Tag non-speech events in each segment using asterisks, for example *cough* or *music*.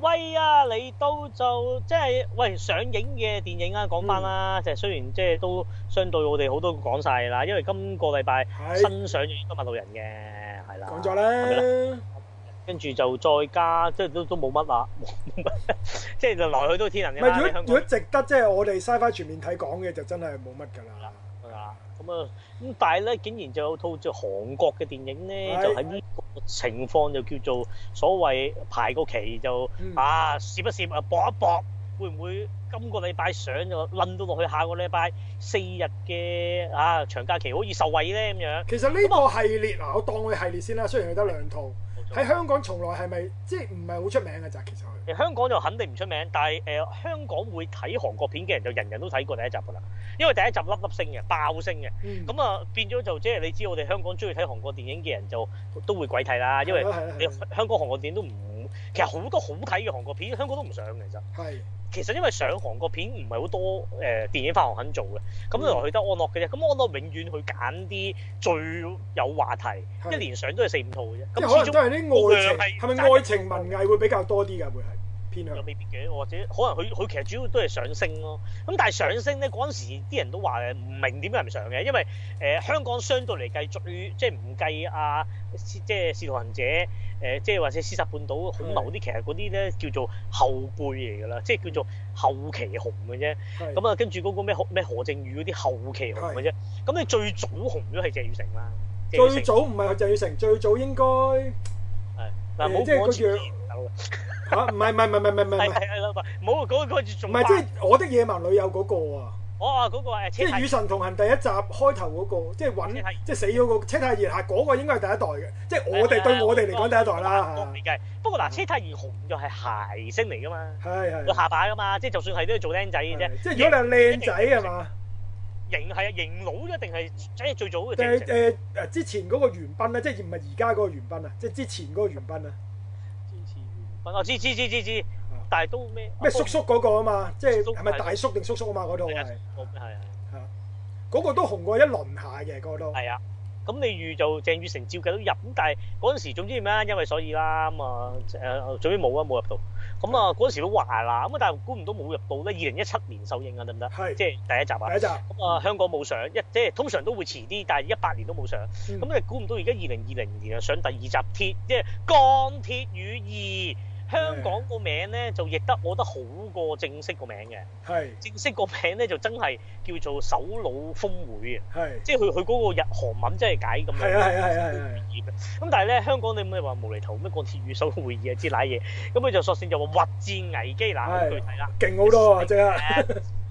威啊！你都就即係喂上映嘅電影啊，講翻啦，即係、嗯、雖然即係都相對我哋好多講晒啦，因為今個禮拜新上映《千萬路人》嘅是，係啦的，講咗啦，跟住就再加，即係都都冇乜啦，冇乜， *laughs* 即係就來去都係天能嘅。唔係，如果，如果值得即係、就是、我哋 Sci-Fi 全面睇講嘅，就真係冇乜㗎啦。咁啊，咁、嗯、但係咧，竟然就有套就韓國嘅電影咧，的就喺呢個情況就叫做所謂排個期就、嗯、啊，攝一攝啊，搏一搏，會唔會今個禮拜上就冧到落去，下個禮拜四日嘅啊長假期好似受惠咧咁樣？其實呢個系列啊，就我當佢系列先啦，雖然佢得兩套。嗯喺香港從來係咪即係唔係好出名嘅咋？其實佢香港就肯定唔出名，但係誒、呃、香港會睇韓國片嘅人就人人都睇過第一集嘅啦，因為第一集粒粒聲嘅，爆聲嘅，咁啊、嗯、變咗就即係你知道我哋香港中意睇韓國電影嘅人就都會鬼睇啦，因為你香港韓國電影都唔～其實好多好睇嘅韓國片，香港都唔上嘅啫。係，其實因為上韓國片唔係好多，誒電影發行肯做嘅，咁嚟嚟去得安樂嘅啫。咁安樂永遠去揀啲最有話題，一年是上都係四五套嘅啫。咁始終係啲愛情，係咪是愛情文藝會比較多啲㗎？會係。有未必嘅，或者可能佢佢其實主要都係上升咯。咁但係上升咧，嗰陣時啲人都話唔明點解唔上嘅，因為誒、呃、香港相對嚟計最即係唔計阿即係《使徒行者》呃，誒即係或者《屍殺半島》，恐老啲，其實嗰啲咧叫做後輩嚟㗎啦，即係叫做後期紅嘅啫。咁啊是的、嗯，跟住嗰個咩何咩何正宇嗰啲後期紅嘅啫。咁是的 你最早紅咗係鄭裕成啦。最早唔係鄭裕成，最早應該係嗱，冇即係 *laughs* 唔係唔係唔係唔係唔係唔係，唔好嗰嗰字。唔係即係我的野蠻女友嗰個啊！哦，嗰個係即係與神同行第一集開頭嗰個，即係揾即係死咗個車太賢嚇嗰個應該係第一代嘅，即係我哋對我哋嚟講第一代啦嚇。不過嗱，車太賢紅就係諧星嚟噶嘛？係係。個下巴噶嘛？即係就算係都要做僆仔嘅啫。即係如果你係靚仔係嘛？型係啊型佬一定係即係最早嘅。誒誒之前嗰個元斌咧，即係唔係而家嗰個元斌啊？即係之前嗰個元斌啊？哦，知知知知知，但係都咩？咩叔叔嗰個啊嘛，即係係咪大叔定叔叔啊嘛？嗰度係係係啊，嗰個都紅過一輪下嘅，嗰個都係啊。咁你預就鄭雨盛照計都入，咁但係嗰陣時，總之咩啊因為所以啦，咁啊，誒，總之冇啊，冇入到。咁啊，嗰陣時都話啦，咁啊，但係估唔到冇入到咧。二零一七年首映啊，得唔得？係即係第一集啊。第一集。咁啊，香港冇上一，即係通常都會遲啲，但係一八年都冇上。咁你估唔到而家二零二零年啊，上第二集鐵，即係鋼鐵雨二。香港個名咧就譯得我覺得好過正式個名嘅，是的 正式個名咧就真係叫做首腦峰會啊，是的 即係佢佢嗰個日韓文真係解咁樣，咁但係咧香港你唔好話無厘頭咩鋼鐵雨首會議啊，之類嘢，咁佢就索性就話核戰危機嗱，具體啦，勁好多正、啊、啦，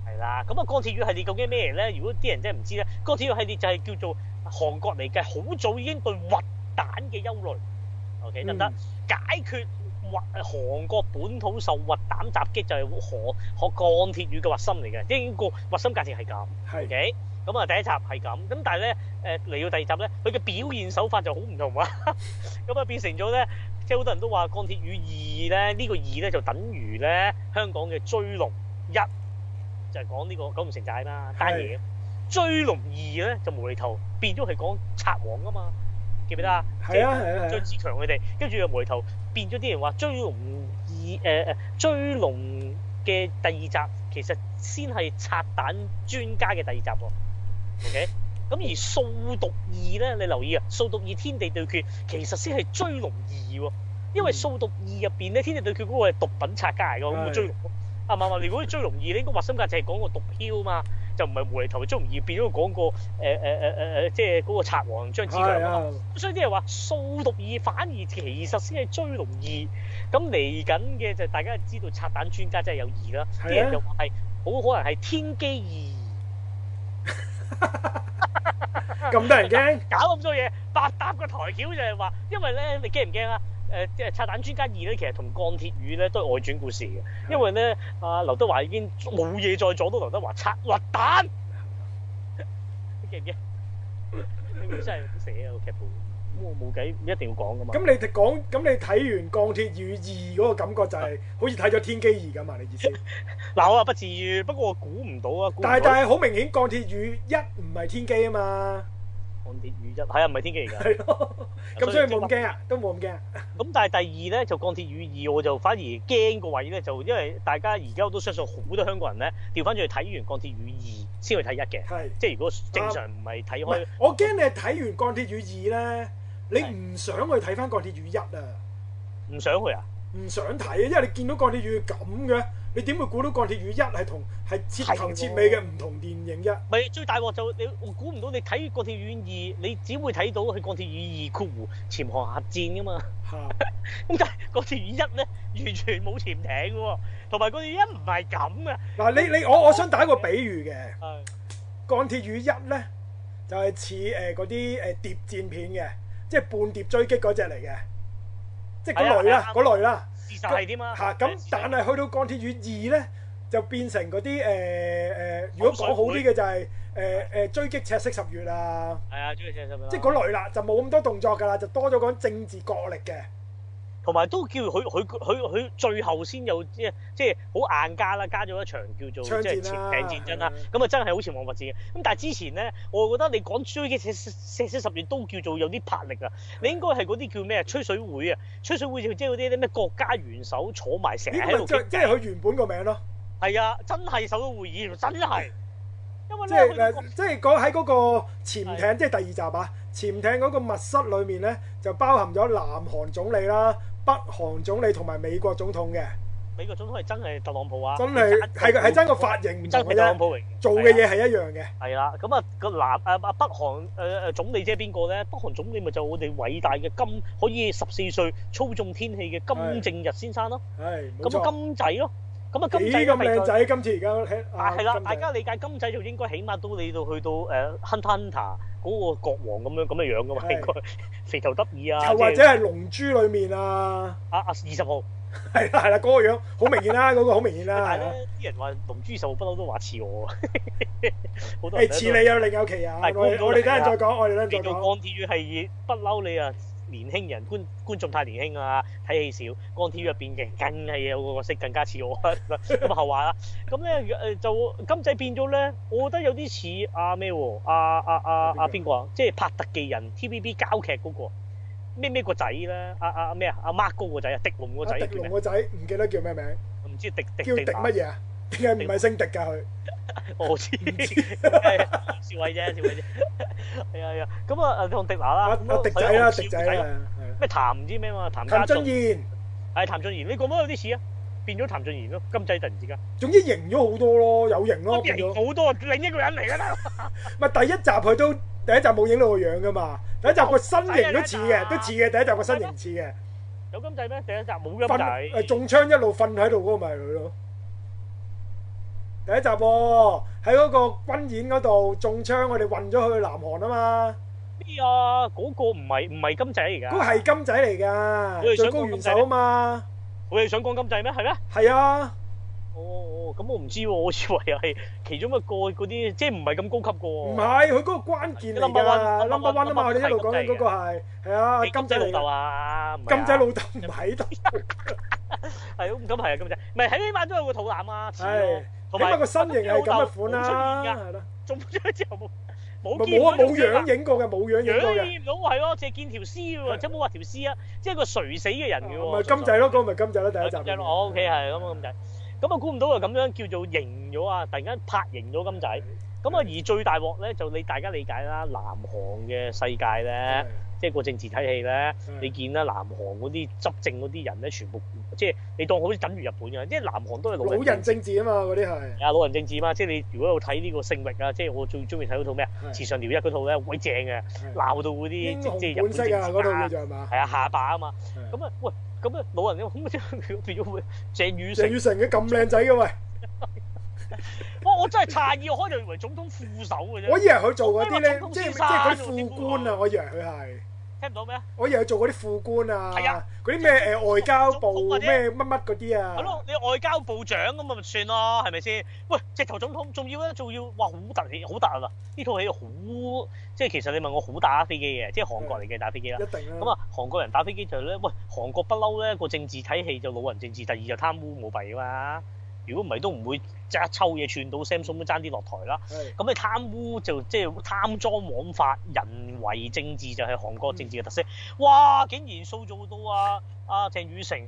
係啦、啊，咁 *laughs* 啊鋼鐵雨系列究竟咩嘢咧？如果啲人真係唔知咧，鋼鐵雨系列就係叫做韓國嚟嘅，好早已經對核彈嘅憂慮，OK 得唔得解決？嗯或韓國本土受核彈襲擊，就係何何鋼鐵雨嘅核心嚟嘅，呢個核心價值係咁是 OK。咁啊，第一集係咁咁，但係咧誒嚟到第二集咧，佢嘅表現手法就好唔同啊。咁啊，變成咗咧，即係好多人都話《鋼鐵雨二》咧、這個、呢個二咧就等於咧香港嘅、這個是《追龍一》，就係講呢個九龍城寨啦單嘢，《追龍二》咧就無釐頭變咗係講賊王啊嘛，記唔記得、嗯、啊？係啊，張子、就是啊啊、強佢哋跟住又無釐頭。變咗啲人話《追龍二》呃、《追龍》嘅第，第二集，其實先係拆彈專家嘅第二集喎。OK，咁而《掃毒二》咧，你留意啊，《掃毒二天地對決》其實先係《追龍二》喎，因為《掃毒二》入邊咧，《天地對決》嗰個係毒品拆家嚟㗎，冇是的 追龍。啊唔唔，如果你追龍二，你應該核心價值係講個毒梟嘛。就唔係回頭就吳葉變咗講、呃呃呃、個誒誒即係嗰個賊王張子強、啊、吧所以啲人話掃毒二反而其實先係追龍二。咁嚟緊嘅就是、大家知道拆彈專家真係有二啦。啲、啊、人就話係好可能係天機二。咁多人驚搞咁多嘢，八搭，搭個台橋就係話，因為咧你驚唔驚啊？誒即係《拆彈專家二》咧，其實同《鋼鐵雨》咧都係外傳故事嘅，因為咧阿、嗯啊、劉德華已經冇嘢再阻到劉德華拆核彈， *laughs* 記唔記得？你 *laughs* 真係寫個劇本，咁我冇計，一定要講噶嘛。咁你講，咁你睇完《鋼鐵雨二》嗰、那個感覺就係好似睇咗《天機二》咁啊？你意思？嗱， *laughs* 我又不至於，不過估唔到啊。到但係但係好明顯，《鋼鐵雨一》唔係《天機》啊嘛。鋼鐵雨一係啊，唔係天機嚟噶。咁、 *laughs* 嗯、所以冇咁驚啊，都冇咁驚。咁但係第二咧，就鋼鐵雨二，我就反而驚個位咧，就因為大家而家都相信好多香港人咧，調翻轉去睇完鋼鐵雨二先去睇一嘅。係的，即係如果正常唔係睇開。我驚你睇完鋼鐵雨二咧，你唔想去睇翻鋼鐵雨一啊？唔想去啊？唔想睇啊？因為你見到鋼鐵雨咁嘅。你點會估到鋼鐵雨一係同係徹頭徹尾嘅唔同電影嘅。咪最大鑊就你、是，我估唔到你睇鋼鐵雨二，你只會睇到係鋼鐵雨二括弧潛航核戰噶嘛？嚇的！咁但係鋼鐵雨一咧，完全冇潛艇嘅，同埋鋼鐵雨一唔係咁嘅。嗱，你你我我想打一個比喻嘅，是的鋼鐵雨一咧就係似誒嗰啲誒諜戰片嘅，即、就、係、是、叛諜追擊嗰隻嚟嘅，即係嗰類啦，嗰類啦。是的咁、啊、但係去到《鋼鐵雨》二呢，就變成嗰啲、呃呃、如果講好啲嘅就係、是水呃呃、追擊赤色十月啊！係啊，追擊赤色十月，即係嗰類啦，就冇咁多動作㗎啦，就多咗講政治角力嘅。同埋都叫佢佢佢佢最後先有，即即係好硬加啦，加咗一場叫做即係、啊、潛艇戰爭啦。咁啊是的 真係好似《王物戰》嘅。咁但係之前咧，我覺得你講追擊赤赤色十月都叫做有啲魄力啊！你應該係嗰啲叫咩啊？吹水會啊！吹水會就即係嗰啲咩國家元首坐埋成日喺度，即係佢原本個名咯、啊。係啊，真係首腦會議，真係。因為咧，即係講喺嗰個潛艇，即係是的 第二集啊！潛艇嗰個密室裡面咧，就包含咗南韓總理啦。北韓總理同埋美國總統嘅，美國總統係真係特朗普啊！真係係係真個髮型真唔同嘅，做嘅嘢係一樣嘅。係啦，咁啊、嗰個南啊啊北韓誒誒、呃、總理即係邊個咧？北韓總理咪就係我哋偉大嘅金，可以十四歲操縱天氣嘅金正日先生咯、啊。係，冇錯。咁金仔咯、啊。咁啊金仔咁靚仔，今次而家，啦，大家理解金仔就應該起碼都你到去到誒 hunter 嗰個國王咁樣咁嘅樣噶嘛，係佢肥頭耷耳啊，又或者係龍珠裏面啊，啊啊二十號，係啦係啦嗰個樣好明顯啦，嗰個好明顯啦，係啦，啲人話龍珠二十號不嬲都話似我，誒似你有另有其人，我我哋等陣再講，我哋等陣再講。你做鋼鐵係不嬲你啊？年輕人觀觀眾太年輕啊，睇戲少。TV 入面嘅梗係有個角色更加似我咁 *laughs* 後話啦，咁、嗯、咧就金仔變咗咧，我覺得有啲似阿咩喎？阿阿阿阿邊個啊？即係、就是、拍特技人 TVB 交劇嗰、那個咩咩個仔咧？阿阿阿咩啊？阿 Mark 哥個仔啊，狄龍個仔啊，叫咩？狄龍個仔唔記得叫咩名？唔知狄狄乜嘢啊？點解唔係升迪噶佢？我知唔知？少尉啫，少尉啫。係啊，咁啊，同迪拿啦，阿迪仔啦，迪仔啊，咩譚唔知咩嘛？譚，譚俊彥係譚俊彥，你覺唔覺有啲似啊？變咗譚俊彥咯，金仔突然之間。總之型咗好多咯，有型咯，型咗好多，另一個人嚟噶啦。唔係第一集佢都第一集冇影到個樣噶嘛？第一集個身形都似嘅，都似嘅。第一集個身形似嘅。有金仔咩？第一集冇金仔。誒，中槍一路瞓喺度嗰個咪佢咯。第一集喎，喺嗰個軍演嗰度中槍，我哋運咗去南韓啊嘛。咩啊？嗰個唔係唔係金仔嚟㗎？嗰係金仔嚟㗎，最高元首啊嘛。我哋想講金仔咩？係咩？係啊。哦，咁我唔知喎，我以為係其中一個嗰啲，即係唔係咁高級個。唔係，佢嗰個關鍵。冧巴溫，冧巴溫，冧巴溫，我哋一路講緊嗰個係係啊金仔老豆啊。金仔老豆唔喺度。係啊，咁係啊金仔，唔係起碼都有個肚腩啊，似。只不過身形係咁一款啦，係咯，仲出咗之後冇冇冇啊冇樣影過嘅，冇樣影過嘅，好係咯，淨係見條屍嘅喎，即冇話條屍啊，即係個垂死嘅人嘅喎，唔係金仔咯，嗰個咪金仔咯，第一集金仔哦，OK，係咁啊，金仔，咁啊估唔到啊咁樣叫做型咗啊，突然間拍型咗金仔，咁啊而最大鑊咧就你大家理解啦，南韓嘅世界咧。即係個政治睇戲咧，你見啦，南韓嗰啲執政嗰啲人咧，全部即係你當好似等於日本嘅，因為南韓都係老人政治啊嘛，嗰啲係。係啊，老人政治嘛，即係你如果有睇呢個《勝域》啊，即係我最中意睇嗰套咩啊，《慈祥聊一》嗰套咧，鬼正嘅，鬧到嗰啲即係日本政治家係嘛？係啊，下巴啊嘛，咁啊喂，咁啊老人咧變咗會鄭雨成，鄭雨成嘅咁靚仔嘅喂，哇！我真係詫異，我開頭以為總統副手嘅啫，我以為佢做嗰啲咧，即係即係佢副官啊，我以為佢係。聽唔到咩？我又去做嗰啲副官啊，嗰啲咩誒外交部咩乜乜嗰啲啊。係咯、啊，你外交部長咁啊，咪算咯，係咪先？喂，直頭總統仲要咧，仲要哇，好特別，好大別啊！呢套戲好，即係其實你問我好打飛機嘅，即係韓國嚟嘅打飛機啦。嗯、一定咁啊、嗯，韓國人打飛機就咧，喂，韓國不嬲咧個政治體系就老人政治，第二就貪污舞弊啊嘛。如果唔係都唔會即刻抽嘢串到 Samsung 都爭啲落台啦。咁你貪污就即係、就是、貪贓枉法，人為政治就係、是、韓國政治嘅特色。哇！竟然塑造到啊啊鄭雨成。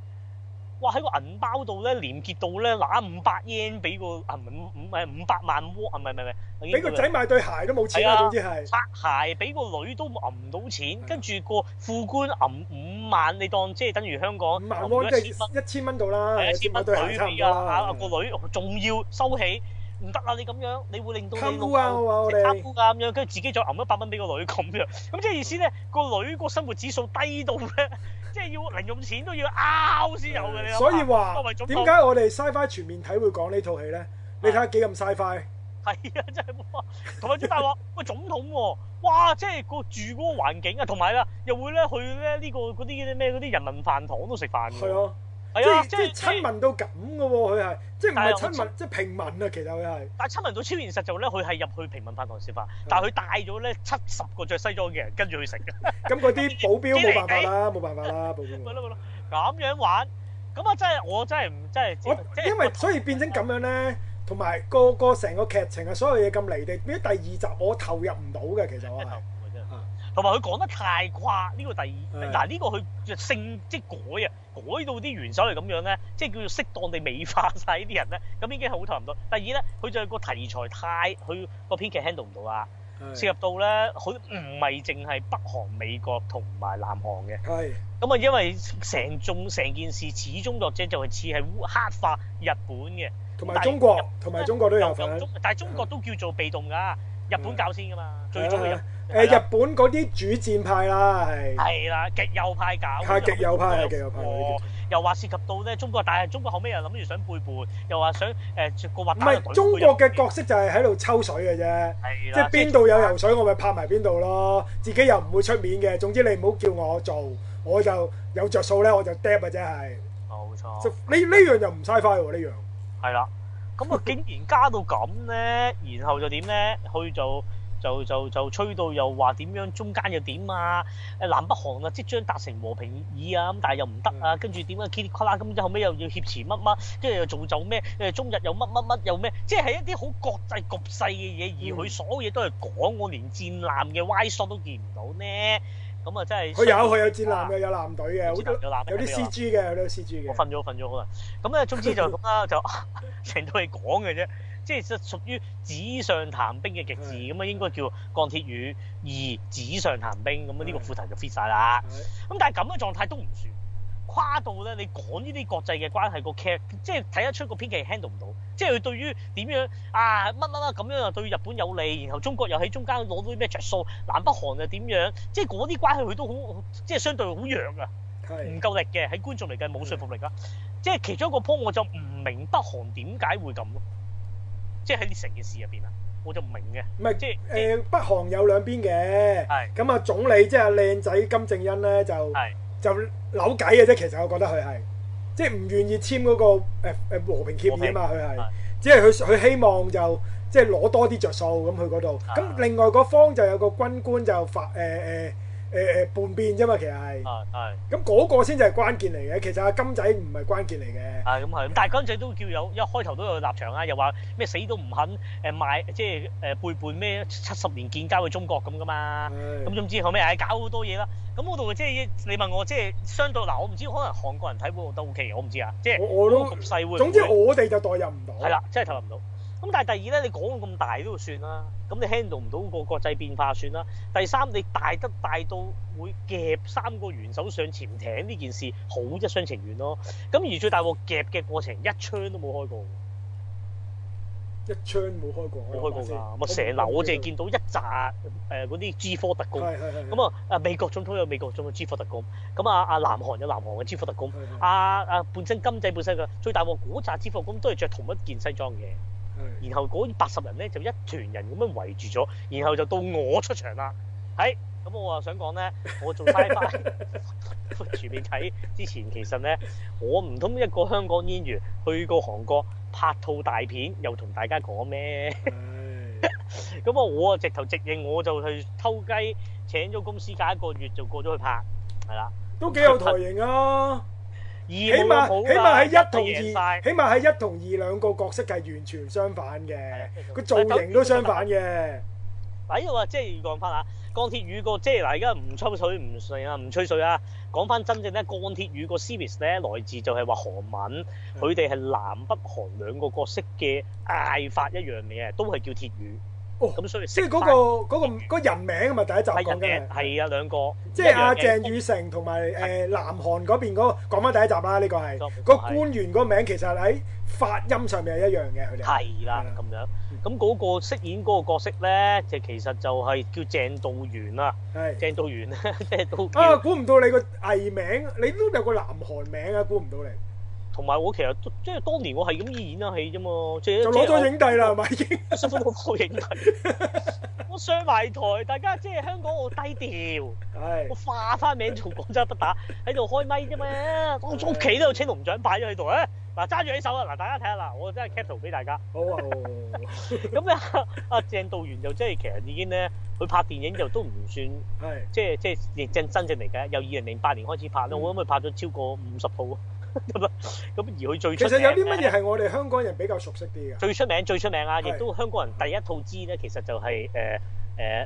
哇！喺個銀包度咧，廉潔到咧，拿五百円俾個啊五五五百萬喎啊！唔係唔係唔係俾個仔買對鞋都冇錢啦，總之係買、啊、鞋俾個女都揞唔到錢，跟住是、啊、個副官揞五萬，你當即係等於香港揜一千蚊一千蚊度啦，一、啊、千蚊女俾個女仲要收起。唔得啊！你咁樣，你會令到你啊。我卡夫啊咁樣，跟住自己再揞一百蚊俾個女咁樣，咁即係意思咧，個女個生活指數低到咧， *laughs* 即係要零用錢都要拗先、啊、有嘅。所以話點解我哋 Sci-Fi 全面睇會講呢套戲咧？ *laughs* 你睇下幾咁 Sci-Fi，係啊，真係同埋最大話喂總統喎，哇！啊、 *laughs* 哇即係住嗰個環境啊，同埋啦，又會咧去咧呢、呢個嗰啲咩嗰啲人民飯堂度食飯啊。即係即係親民到咁嘅喎，佢係即係唔係親民，即係平民啊！其實佢係。但係親民到超現實就咧，佢係入去平民飯堂食飯，但係佢帶咗咧七十個著西裝嘅人跟住去食。咁嗰啲保鏢冇辦法啦，冇辦法啦，保鏢。咪咯咪咯，咁樣玩，咁啊真係我真係唔真係我因為所以變成咁樣咧，同埋個個成個劇情啊，所有嘢咁離地。變咗第二集，我投入唔到嘅，其實我係。同埋佢講得太誇，呢、這個第二嗱呢是的、啊這個佢性即改啊，改到啲元首嚟咁樣咧，即叫做適當地美化晒呢啲人咧，咁已經係好睇唔到。第二咧，佢就個題材太，佢個編劇 handle 唔到呀、啊。是的 涉及到咧佢唔係淨係北韓、美國同埋南韓嘅，咁啊，因為成眾成件事始終作者就係似係黑化日本嘅，同埋中國，同埋但中國都有份、啊、但係中國都叫做被動㗎、啊。日本搞先㗎嘛，最終係誒日本嗰啲主戰派啦，係係啦，極右派搞，係極右派，係極右派。又話涉及到咧中國，但係中國後尾又諗住想背叛，又話想誒個核。唔係中國嘅角色就係喺度抽水嘅啫，即係邊度有油水我咪拍埋邊度咯，自己又唔會出面嘅。總之你唔好叫我做，我就有着數咧，我就 drop 嘅啫係。冇錯。呢呢樣又唔嘥快喎呢樣。係啦。咁啊，竟然加到咁咧，然後就點咧？佢就就就就吹到又話點樣，中間又點啊？誒南北韓啊，即將達成和平議啊，咁但係又唔得啊，跟住點啊？噼哩啪啦，咁之後後尾又要挾持乜乜，跟住又做做咩？誒中日又乜乜乜又咩？即係一啲好國際局勢嘅嘢，而佢所有嘢都係講，我連戰艦嘅歪霜都見唔到咧。咁啊，真係佢有佢有戰艦嘅，有艦隊嘅，有艦好多有啲 C G 嘅，有啲 C G 嘅。我瞓咗，瞓咗好啦。咁咧，總之就咁啦， *laughs* 就成套嚟講嘅啫，即係屬於紙上談兵嘅極致。咁啊，應該叫鋼鐵雨」，而「紙上談兵。咁啊，呢個副題就 fit 晒啦。咁 *laughs* 但係咁嘅狀態都唔算。跨度咧，你講呢啲國際嘅關係 care, 個劇，即係睇得出個編劇 handle 唔到，即係佢對於點樣啊乜乜乜咁樣啊對日本有利，然後中國又喺中間攞到啲咩着數，南北韓又點樣？即係嗰啲關係佢都好，即係相對好弱啊，唔是的 夠力嘅，喺觀眾嚟計冇說服力啊。是的 即係其中一個 point，我就唔明北韓點解會咁咯，即係喺成件事入邊啊，我就唔明嘅。唔係即係誒北韓有兩邊嘅，咁啊的總理即係靚仔金正恩咧就。就扭計嘅啫，其實我覺得佢係，即係唔願意簽嗰個誒誒和平協議啊嘛，佢係看，只係佢佢希望就即係攞多啲着數咁去嗰度。咁另外個方就有個軍官就發誒誒。呃呃誒誒，叛變啫嘛，其實係，係、啊。咁、啊、嗰個先就係關鍵嚟嘅，其實阿金仔唔係關鍵嚟嘅。係咁係，但係金仔都叫有一開頭都有立場啊，又話咩死都唔肯買，誒賣即係誒背叛咩七十年建交嘅中國咁噶嘛。咁、啊、總之後尾誒搞好多嘢啦。咁我度即係你問我即係、就是、相對嗱，我唔知可能韓國人睇會都 OK 嘅，我唔知啊。即、就、係、是、我，我都局勢會。總之我哋就代入唔到。係啦，真係投入唔到。咁但係第二咧，你講咁大都要算啦。咁你 handle 唔到個國際變化算啦。第三，你大得大到會夾三個元首上潛艇呢件事，好一廂情願咯。咁而最大鑊夾嘅過程，一槍都冇開,開過。一槍冇開過，冇開過㗎。我成那樓我淨係見到一紮嗰啲 G4 特工。咁啊，美國總統有美國總統 G4 特工，咁啊,啊南韓有南韓嘅 G4 特工。啊，係、啊、本身金仔本身嘅最大鑊嗰紮 G4 特工都係着同一件西裝嘅。然後嗰八十人咧就一團人咁樣圍住咗，然後就到我出場啦。係咁我啊想講咧，我做 Sci-Fi， *laughs* 全面睇之前其實咧，我唔通一個香港演員去過韓國拍套大片，又同大家講咩？咁啊，我啊直頭直認，我就去偷雞請咗公司隔一個月就過咗去拍，係啦，都幾有台型啊！啊、起碼起碼係一同二，起碼係一同二兩個角色係完全相反嘅，個造型都相反嘅。啊，依度啊，即係要講翻啊，鋼鐵雨個即係嗱，而家唔抽水唔啊唔吹水啊，講翻真正咧，鋼鐵雨個 series 咧來自就係話韓文，佢哋係南北韓兩個角色嘅嗌法一樣嘅，都係叫鐵雨。哦，咁所以即係嗰個嗰個嗰人名，咪第一集講嘅係有兩個，即係阿鄭雨盛同埋誒南韓嗰邊嗰個講返第一集啦，呢個係個官員個名其實喺發音上面係一樣嘅，佢哋係啦咁樣。咁嗰個飾演嗰個角色咧，就其實就係叫鄭道元啦，鄭道元咧都啊，估唔到你個藝名，你都有個南韓名啊，估唔到你。同埋我其實即係當年我係咁演下戲啫嘛，即係就攞咗影帝啦，係咪我？辛苦影帝， *laughs* 我上埋台，大家即係香港我低調， *laughs* 我化翻名做港產不打喺度開咪啫嘛，我屋企都有青龍獎擺咗喺度啊！嗱，揸住喺手啊！嗱，大家睇下啦，我真係 capture 俾大家。好啊，咁 *laughs* 啊阿鄭道元就即係其實已經咧，佢拍電影就都唔算， *laughs* 即係即係正真正嚟嘅，由二零零八年開始拍咯，嗯、我諗佢拍咗超過五十套。咁而佢最出名其實有啲乜嘢係我哋香港人比較熟悉啲嘅？最出名最出名啊！亦都香港人第一套知咧，其實就係誒誒誒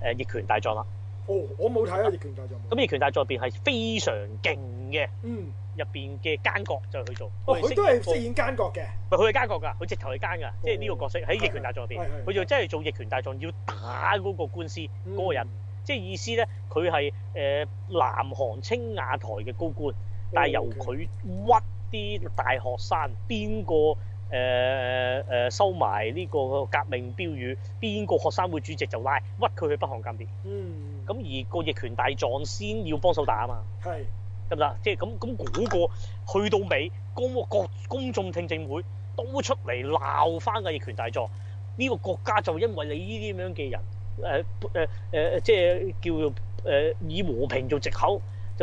《逆權大狀》啦。哦，我冇睇啊，《逆權大狀》咁《逆權大狀》入邊係非常勁嘅，嗯，入邊嘅奸角就去做。哦，佢都係飾演奸角嘅。唔係，佢係奸角㗎，佢直頭係奸㗎，即係呢個角色喺《逆權大狀》入邊，佢就真係做《逆權大狀》要打嗰個官司嗰個人，即係意思咧，佢係誒南韓青瓦台嘅高官，但係由佢屈。啲 *noise* 大學生邊個誒誒收埋呢個革命標語，邊個學生會主席就拉屈佢去北韓間別。嗯，咁而個人權大狀先要幫手打啊嘛。係得唔得？即係咁咁嗰個去到尾公公、那個、公眾聽證會都出嚟鬧返個人權大狀。呢、這個國家就因為你呢啲咁樣嘅人誒誒誒，即係叫做誒以和平做藉口。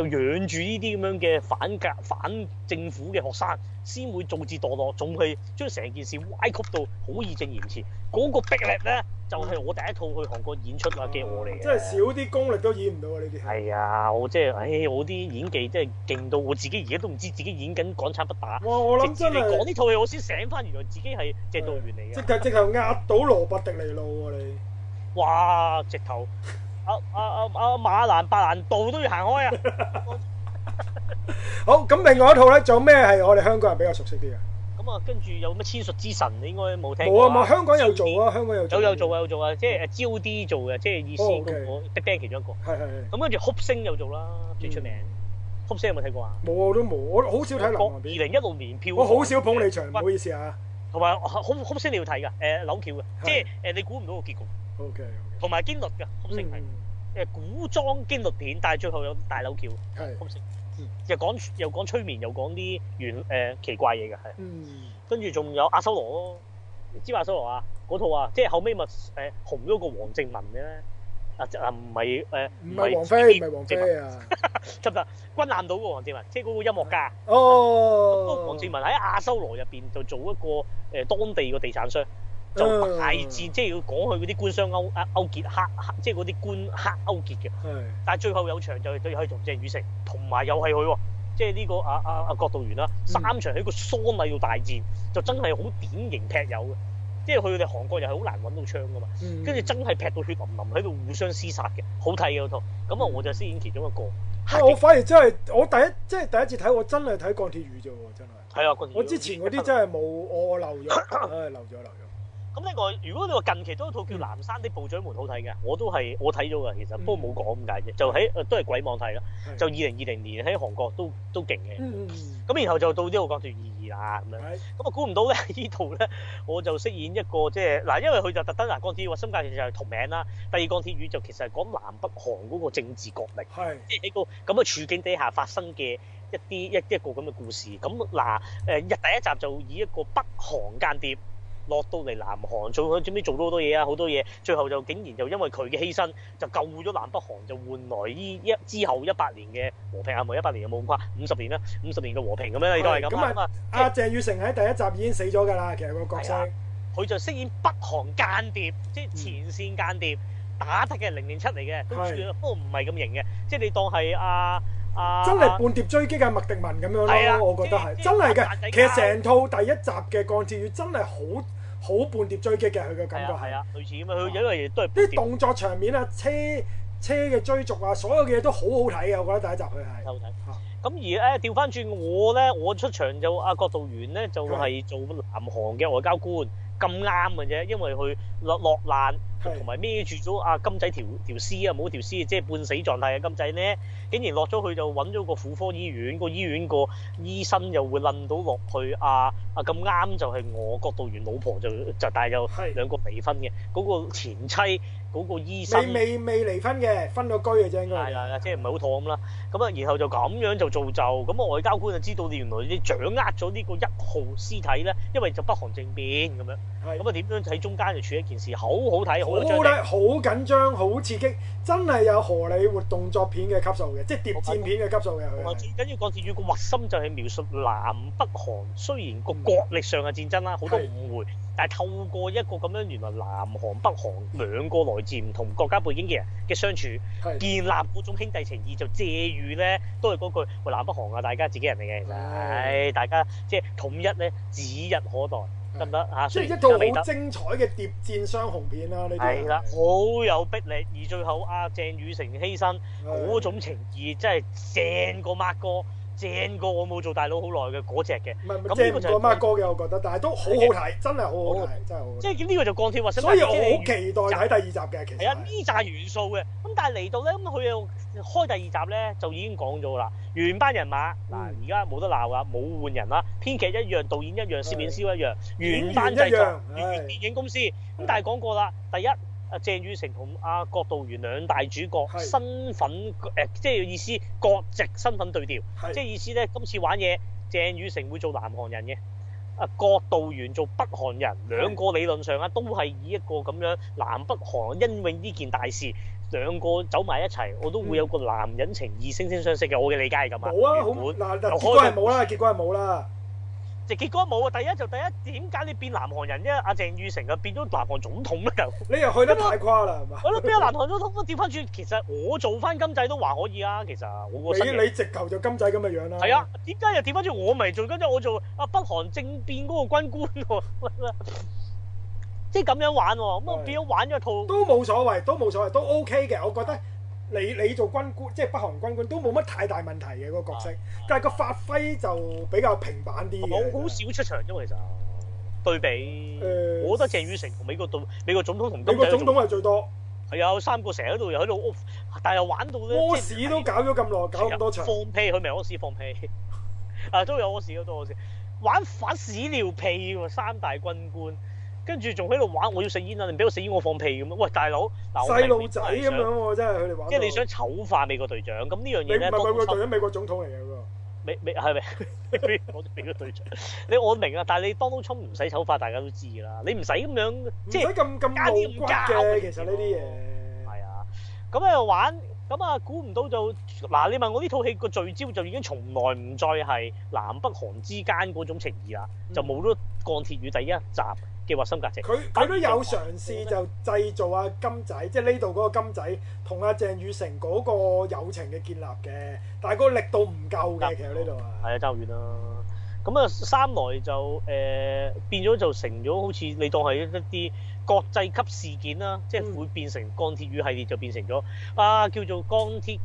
就養住呢啲咁樣嘅反革反政府嘅學生，先會造之墮落，仲會將成件事歪曲到好義正言辭。嗰、那個逼力咧，就係、是、我第一套去韓國演出嘅我嚟嘅、哦。真係少啲功力都演唔到啊！呢啲係啊，我即係唉，我啲演技即係勁到我自己而家都唔知自己演緊港產不打。哇！我諗真係講呢套戲，我先醒翻原來自己係即係導演嚟嘅。即係即係壓到羅伯迪尼路啊！你哇，直頭。 *laughs* 好啊啊啊馬蘭白蘭道都要行開啊！好咁，另外一套咧，仲有咩係我哋香港人比較熟悉啲啊？咁啊，跟住有咩千術之神，你應該冇聽過啊？冇啊！我香港有做啊，香港有有有做啊，有做啊，即係招啲做嘅，即係意思。我的丁其中一個。係係。咁跟住哭聲又做啦，最出名。哭聲有冇睇過啊？冇啊，都冇，我好少睇。二零一六年票。我好少捧你場，唔好意思啊。同埋，哭聲你要睇噶，誒，扭橋嘅，即係誒，你估唔到個結局。O K，同埋驚慄嘅，好正係，嗯、古裝驚慄片，但係最後有大樓橋，係，好正是，又講又講催眠，又講啲原、呃、奇怪嘢嘅，係，跟住仲有阿修羅咯，知，知阿修羅啊？嗰套啊，即、就、係、是、後尾咪誒紅咗個黃政民嘅，啊啊唔係唔係王菲，唔係、呃、黃政民啊？唔唔，軍艦島嗰個黃政民，即係嗰個音樂家，哦，黃政民喺阿修羅入邊就做一個誒、呃、當地嘅地產商。就大戰，嗯、即係要講佢嗰啲官商勾勾結黑，即係嗰啲官黑勾結嘅。嗯、但係最後有場就係佢可以同鄭雨盛，同埋又係佢喎，即係呢個啊啊啊郭度元啦，三場喺個粟米要大戰，嗯、就真係好典型劈友嘅。即係佢哋韓國又係好難揾到槍㗎嘛，跟住、嗯、真係劈到血淋淋喺度互相廝殺嘅，好睇嘅嗰套。咁啊，我就先演其中一個。啊！我反而真係我第一即係第一次睇，我真係睇、啊《鋼鐵雨》啫喎，真係。係啊，《鋼鐵雨》。我之前嗰啲真係冇，我流咗，唉，流咗流咗。哎咁另外如果你話近期都一套叫《南山的部長們》好睇嘅、嗯，我都係我睇咗㗎。其實不過冇講咁解啫，就喺都係鬼網睇咯。嗯、就二零二零年喺韓國都都勁嘅。咁、嗯嗯、然後就到，意義的到呢度講套二啊咁樣。咁啊估唔到咧呢套咧，我就飾演一個即係嗱，因為佢就特登拿鋼鐵雨深界錢就係同名啦。第二鋼鐵雨就其實講南北韓嗰個政治角力，即係喺個咁嘅處境底下發生嘅一啲一一個咁嘅故事。咁嗱誒，第一集就以一個北韓間諜。落到嚟南韓做佢，最屘做到好多嘢啊，好多嘢，最後就竟然就因為佢嘅犧牲，就救咗南北韓，就換來依一之後一百年嘅和平啊係咪一百年的有冇咁誇？五十年啦，五十年嘅和平咁樣啦，都係咁咁嘛。阿鄭雨盛喺第一集已經死咗㗎啦，其實個角色，佢、啊、就飾演北韓間諜，即係前線間諜，嗯、打得嘅零零七嚟嘅，都算唔係咁型嘅，即係你當係阿阿真係叛諜追擊嘅麥迪文咁樣啊，就係、我覺得係、就係就係、真係嘅。其實成套第一集嘅鋼鐵雨真係好。好半碟追擊嘅，佢嘅感覺係、啊，啊，類似啊嘛，佢有一樣嘢，都係啲動作場面啊，車車嘅追逐啊，所有嘅嘢都好好睇嘅，我覺得第一集佢係好睇。咁、啊、而咧調返轉我咧，我出場就阿郭道元咧就係、是、做南韓嘅外交官，咁啱嘅啫，因為佢。落落爛，同埋孭住咗阿金仔條條屍啊！冇條屍，即係半死狀態啊！金仔呢，竟然落咗去就揾咗個婦科醫院，個醫院個醫生又會諗到落去啊啊咁啱就係我國度員老婆就就帶有兩個離婚嘅嗰個前妻嗰個醫生未未未離婚嘅，分咗居嘅。應該係即係唔好妥咁啦？咁啊，然後就咁樣做就造就咁啊，外交官就知道你原來你掌握咗呢個一號屍體咧，因為就北韓政變咁樣係咁啊！點樣喺中間就處理一件事，好好睇，好緊張，好緊張好刺激，真係有荷里活動作片嘅級數嘅，即係諜戰片嘅級數嘅。最緊要講至語個核心就係描述南北韓雖然個國力上嘅戰爭啦，好多誤會，但係透過一個咁樣原來南韓北韓兩個來自唔同國家背景嘅人嘅相處，建立嗰種兄弟情義，就借喻咧，都係嗰句，喂，南北韓啊，大家自己人嚟嘅，其實大家即係統一咧，指日可待。得唔得啊？雖然一套好精彩嘅諜戰雙雄片啦！你哋好有逼力，而最後阿鄭雨盛犧牲嗰的種情義，真係正過孖哥。正過我冇做大佬好耐嘅嗰隻嘅。咁呢個就係嘅，我覺得，但係都好好睇，真係好好睇，真係好。即係呢個就鋼鐵雨，所以我好期待喺第二集嘅。其實係啊，呢扎元素嘅。咁但係嚟到咧，咁佢又開第二集咧，就已經講咗啦。原班人馬，嗱，而家冇得鬧噶，冇換人啦，編劇一樣導演一樣攝影師一樣原班製作，原電影公司。咁但係講過啦，第一。阿鄭雨成同阿郭道元兩大主角身份誒是、呃，即係意思國籍身份對調，是即係意思咧，今次玩嘢，鄭雨成會做南韓人嘅，阿郭道元做北韓人，是兩個理論上啊都係以一個咁樣南北韓因為呢件大事，兩個走埋一齊，我都會有個男人情義，而惺惺相惜嘅，我嘅理解係咁啊。冇果啊，好，嗱嗱，結果係冇啦，結果係冇啦。就結果冇啊！第一就第一，點解你變南韓人啫？阿鄭雨成就變咗南韓總統啦！ *laughs* 你又去得太誇啦，係嘛？我覺得邊有南韓總統？都調翻轉，其實我做翻金仔都還可以啊！其實我，以你，你直頭就金仔咁嘅樣啦。係啊，點解、啊、又調翻轉？我咪做跟住我做啊北韓政變嗰個軍官喎、啊，即係咁樣玩喎、啊。咁我變咗玩咗一套都冇所謂，都冇所謂，都 OK 嘅，我覺得。你你做軍官，即係北韓軍官都冇乜太大問題嘅嗰、那個角色，啊、但係個發揮就比較平板啲嘅。冇好少出場，因為其實對比。呃、我覺得鄭宇成同美國度美國總統同。美國總統係最多。係有三個成日喺度又喺度，但係又玩到咧。屙屎都搞咗咁耐，搞咁多場。放屁，佢咪屙屎放屁。啊， *laughs* 都有屙屎咯，都有屙屎。玩反屎尿屁三大軍官。跟住仲喺度玩，我要食煙啦！你唔俾我食煙，我放屁咁啊！喂，大佬，細路仔咁樣喎，真係佢哋玩即係你想醜化美國隊長咁呢樣嘢咧？你唔係咪個中美國總統嚟嘅喎？未未係咪？我哋 *laughs* 美，美國隊長你我明啊，但係你當奴侵唔使醜化，大家都知㗎啦。你唔使咁樣，即係咁咁露骨嘅。其實呢啲嘢係啊，咁喺度玩咁啊，估唔到就嗱，你問我呢套戲個聚焦就已經從來唔再係南北韓之間嗰種情義啦，嗯、就冇咗鋼鐵雨第一集。叫核心價值。佢佢都有嘗試就製造啊金仔，嗯、即係呢度嗰個金仔同阿鄭雨成嗰個友情嘅建立嘅，但係嗰個力度唔夠嘅，嗯、其實呢度啊。係啊，爭好遠啦。咁啊，三來就誒、呃、變咗就成咗好似你當係一啲國際級事件啦，即、就、係、是、會變成鋼鐵雨系列就變成咗、嗯、啊，叫做鋼鐵級，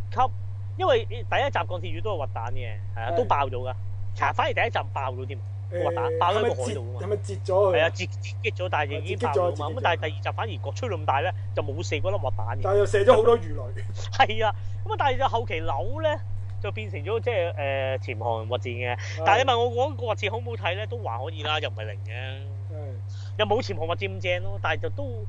因為第一集鋼鐵雨都係核彈嘅，係啊的，都爆咗㗎，的反而第一集爆咗添。核彈爆喺個海度啊嘛，係啊，截截擊咗，但係已經爆咗啊嘛。咁但係第二集反而角吹到咁大咧，就冇射個粒核彈嘅。但係又射咗好多魚雷。係啊，咁啊，但係就後期扭咧就變成咗即係誒潛航核戰嘅。但係你問我講個核戰好唔好睇咧，都還可以啦，又唔係零嘅，又冇潛航核戰咁正咯，但係就都。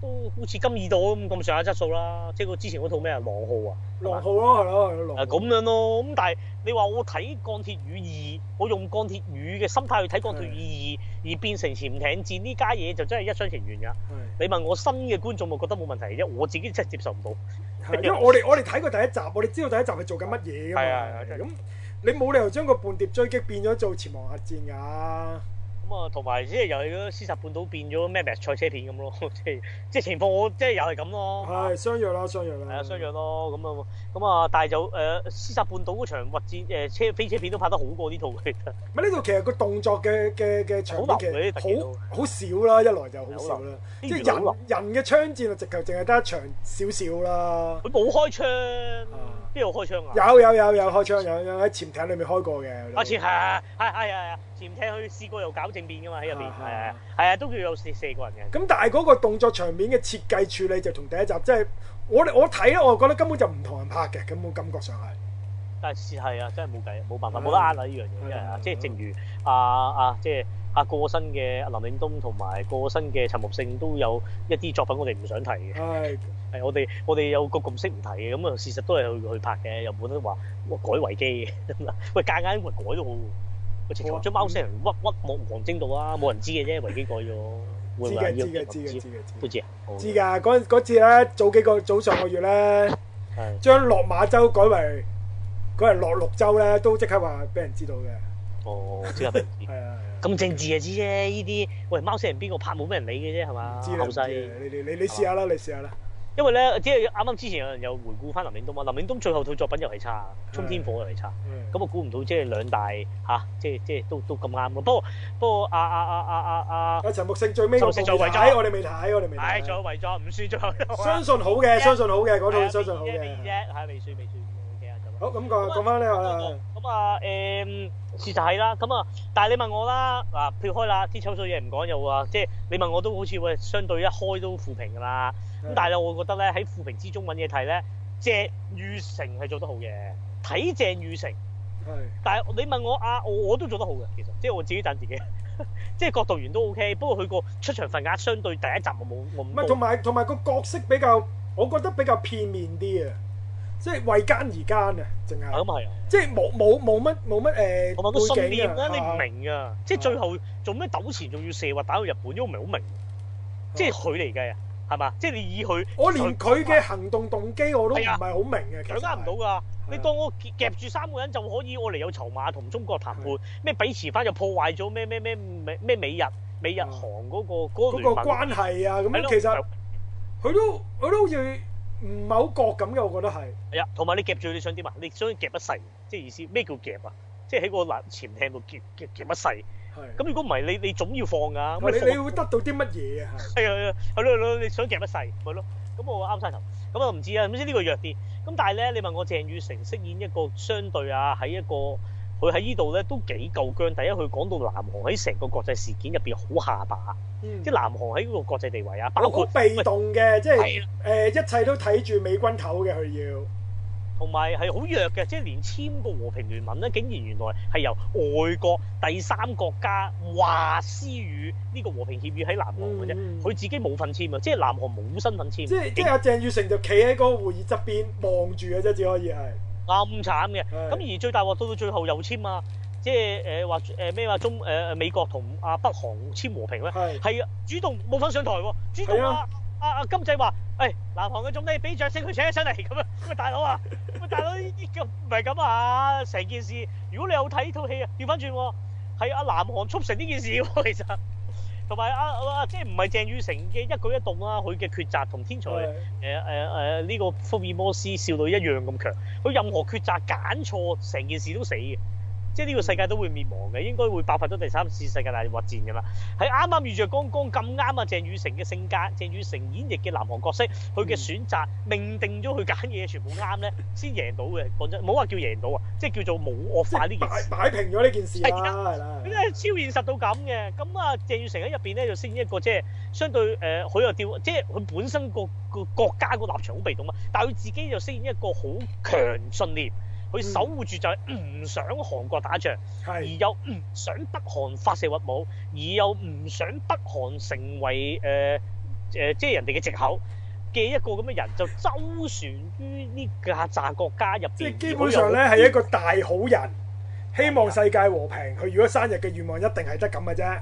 都好似金二度咁咁上下質素啦，即係佢之前嗰套咩啊，《狼號耗》啊吧，《狼號》咯，係咯，咁樣咯，咁但係你話我睇《鋼鐵雨二》，我用《鋼鐵雨》嘅心態去睇《鋼鐵雨二》的，而變成潛艇戰呢家嘢，就真係一廂情願㗎。的你問我新嘅觀眾我覺得冇問題啫，我自己真係接受唔到。因為我哋我哋睇過第一集，我哋知道第一集係做緊乜嘢㗎啊，係咁的你冇理由將個半碟追擊變咗做潛望核戰㗎，啊。咁啊，同埋即係又係嗰《屍殺半島》變咗咩咩賽車片咁咯，即係即係情況，我即係又係咁咯。係相約啦，相約啦。係啊，相約咯。咁啊，咁啊，但係就誒《屍殺半島》嗰場或者誒車飛車片都拍得好過呢套，其實。咪呢套其實個動作嘅嘅嘅長度嘅好好少啦，一來就好少啦，即係人人嘅槍戰啊，直頭淨係得一場少少啦。佢冇開槍。都有開槍啊？有有有有開槍，有有喺潛艇裏面開過嘅。開始係係係啊。潛艇去試過又搞正面噶嘛喺入邊，係係啊，都叫有四四個人嘅。咁但係嗰個動作場面嘅設計處理就同第一集，即係我我睇咧，我覺得根本就唔同人拍嘅，咁我感覺上係。但係係啊，真係冇計、冇辦法、冇得呃啊。呢樣嘢即係正如阿阿即係阿過身嘅林嶺東同埋過身嘅陳木勝都有一啲作品我哋唔想提嘅。係我哋我哋有個共識唔提嘅，咁啊事實都係去去拍嘅。日本都話：哇改維基嘅，喂間間都人改咗好，我直頭將貓星人屈屈望望蒸到啊！冇人知嘅啫，維基改咗。知嘅知嘅知嘅知嘅都知啊！知㗎嗰次咧，早幾個早上個月咧，將落馬洲改為改為落陸洲咧，都即刻話俾人知道嘅。哦，即刻係啊！咁政治就知啫，呢啲喂貓星人邊個拍冇咩人理嘅啫，係嘛？知，老細你你你你試下啦，你試下啦。因為咧，即係啱啱之前有人又回顧翻林嶺東啊，林嶺東最後套作品又係差，《沖天火》又係差，咁是的、嗯、我估唔到即係、就是、兩大嚇，即係即係都都咁啱嘅。不過不過，阿阿阿阿阿阿陳木勝最尾個報紙我哋未睇，我哋未睇，仲為咗唔輸，仲、啊、相信好嘅，相信好嘅嗰套，的相信好嘅係未輸，未輸。好，咁就講返呢個啦。咁啊，誒，事實係啦。咁啊，但係你問我啦，嗱、啊，撇開啦，啲抽水嘢唔講，又啊，即係你問我都好似會、欸、相對一開都負評㗎啦。咁的但係我覺得咧，喺負評之中搵嘢睇咧，鄭雨盛係做得好嘅。睇鄭雨盛，係的。但係你問我啊，我我都做得好嘅，其實，即、就、係、是、我自己讚自己。即係角度完都 OK，不過佢個出場份額相對第一集我冇我唔係，同埋同埋個角色比較，我覺得比較片面啲啊。即係為奸而奸啊！淨係，咁係，即係冇冇冇乜冇乜誒信念啊！你唔明啊，即係最後做咩糾纏，仲要射核打到日本，都唔係好明。即係佢嚟嘅，係嘛？即係你以佢，我連佢嘅行動動機我都唔係好明嘅，強加唔到㗎。你當我夾住三個人就可以我嚟有籌碼同中國談判？咩？比遲翻就破壞咗咩咩咩美咩美日美日韓嗰個嗰個關係啊！咁樣其實佢都佢都好似。唔係好覺咁嘅，我覺得係。同埋你夾住你想點啊？你想夾一世？即係意思咩叫夾啊？即係喺個嗱潛艇度夾夾一世。係的。咁如果唔係，你你總要放㗎、啊。你，你，你會得到啲乜嘢啊？係啊係啊，係咯係咯，你想夾一世？咪咯？咁我啱晒頭。咁啊唔知啊，唔知呢個弱啲。咁但係咧，你問我鄭雨盛飾演一個相對啊，喺一個。佢喺呢度咧都幾夠僵。第一，佢講到南韓喺成個國際事件入面好下把、嗯、即係南韓喺呢個國際地位啊，包括被動嘅，即係一切都睇住美軍頭嘅，佢要同埋係好弱嘅，即係連簽個和平聯盟咧，竟然原來係由外國第三國家話私語呢個和平協議喺南韓嘅啫，佢、嗯、自己冇份簽啊，即係南韓冇身份簽。即係是經即阿鄭雨盛就企喺嗰個會議側邊望住嘅啫，只可以係。暗慘嘅，咁的而最大鑊到到最後又簽啊，即係誒話誒咩話中誒、呃、美國同阿北韓簽和平咧，係的主動冇翻上台喎、啊，主動話阿阿金正話誒南韓嘅總理俾掌聲佢請起上嚟咁樣，喂大佬啊，喂 *laughs* 大佬呢啲咁唔係咁啊，成件事如果你有睇呢套戲啊，調翻轉喎，係阿南韓促成呢件事喎、啊，其實。同埋啊啊，即係唔係鄭雨盛嘅一舉一動啦，佢嘅抉擇同天才誒誒誒呢個福爾摩斯少女一樣咁強，佢任何抉擇揀錯，成件事都死嘅。即係呢個世界都會滅亡嘅，應該會爆發到第三次世界大戰㗎嘛。係啱啱遇著剛剛咁啱啊！鄭雨盛嘅性格，鄭雨盛演繹嘅南韓角色，佢嘅選擇、嗯、命定咗佢揀嘢全部啱咧，先贏到嘅。講真，冇話叫贏到啊，即係叫做冇惡化呢件事，擺，擺平咗呢件事。係啦，真係超現實到咁嘅。咁、嗯、啊，鄭雨盛喺入邊咧就飾演一個即係相對誒，佢又調，即係佢本身個個國家個立場好被動啊。但係佢自己就飾演一個好強信念。佢、嗯、守護住就係唔想韓國打仗，是而又唔想北韓發射核武，而又唔想北韓成為誒誒、呃呃、即係人哋嘅藉口嘅一個咁嘅人，就周旋於呢架炸國家入邊。即係基本上咧係一個大好人，人希望世界和平。佢如果生日嘅願望一定係得咁嘅啫。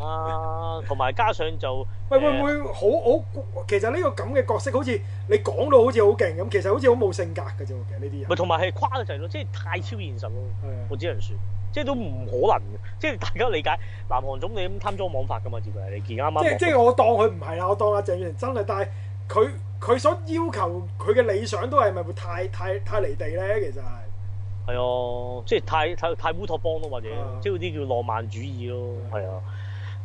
啊！同埋加上就，喂，會唔會好好？其實呢個咁嘅角色，好似你講到好似好勁咁，其實好似好冇性格嘅啫。呢啲唔係同埋係誇嘅程度，即係太超現實咯。啊、我只能算、啊、即係都唔可能嘅，即係大家理解南韓總理咁貪贓枉法噶嘛？絕對你見啱啱即係我當佢唔係啦，我當阿鄭月玲真係，但係佢佢所要求佢嘅理想都係咪太太太離地咧？其實係係啊，即係太太太烏托邦咯，或者即係嗰啲叫浪漫主義咯，係啊。啊啊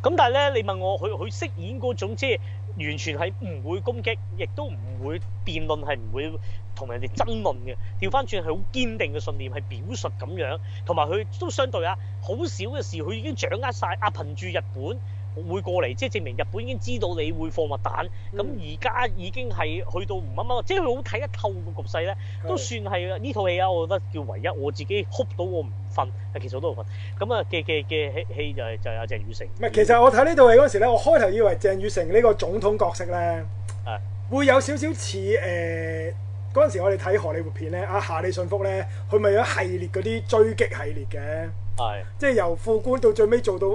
咁但係呢，你問我佢佢飾演嗰種即係完全係唔會攻擊，亦都唔會辯論，係唔會同人哋爭論嘅。調返轉係好堅定嘅信念，係表述咁樣，同埋佢都相對呀，好少嘅時佢已經掌握晒，阿彭住日本。會過嚟，即係證明日本已經知道你會放核彈。咁而家已經係去到唔啱啱，即係佢好睇得透個局勢咧，是的 都算係呢套戲啊，我覺得叫唯一，我自己哭到我唔瞓，其實我都唔瞓。咁啊，嘅嘅嘅戲就係、是、就係阿鄭雨盛。唔係，其實我睇呢套戲嗰時咧，我開頭以為鄭雨盛呢個總統角色咧，是的 會有少少似誒嗰陣時我哋睇荷里活片咧，阿夏利信福咧，佢咪有一系列嗰啲追擊系列嘅，係是的 即係由副官到最尾做到。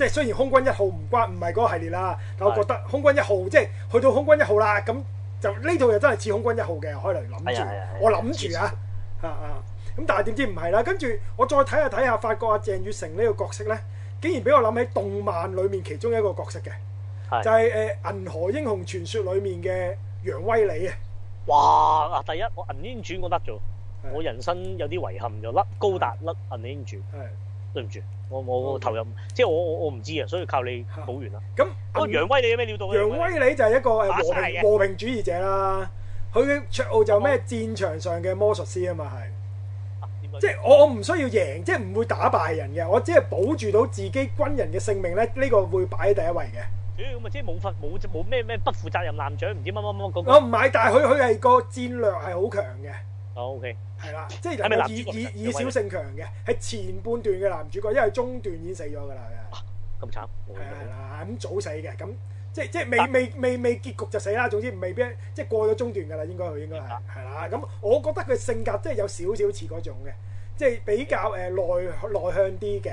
即係雖然空軍一號唔關唔係嗰個系列啦，但我覺得空軍一號的即係去到空軍一號啦，咁就呢套又真係似空軍一號嘅，開嚟諗住。我諗住啊，啊啊！咁的但係點知唔係啦？跟住我再睇下睇下，發覺阿鄭月成呢個角色咧，竟然俾我諗起動漫裡面其中一個角色嘅，的就係誒《銀河英雄傳說》裡面嘅楊威利啊！哇！啊第一我銀英傳我得咗，的我人生有啲遺憾就甩高達甩銀英傳。對唔住，我我投入 Okay. 即係我我我唔知啊，所以靠你補完啦。咁嗰、啊嗯、楊威利你有咩料到？楊威利就係一個和平和平主義者啦，佢綽號就咩戰場上嘅魔術師啊嘛係、oh.，即係我我唔需要贏，即係唔會打敗人嘅，我只係保住到自己軍人嘅性命咧，呢、呢個會擺喺第一位嘅。咁啊、哎！即係冇法冇冇咩咩不負責任艦長唔知乜乜乜我唔係，但係佢佢係個戰略係好強嘅。OK，係啦，即係能夠以以以小勝強嘅，係前半段嘅男主角，因為中段已經死咗噶啦，咁慘，係啦，咁早死嘅，咁即係即係未未未未結局就死啦，總之未必，即係過咗中段噶啦，應該佢應該係係啦，咁我覺得佢性格即係有少少似嗰種嘅，即係比較誒內內向啲嘅，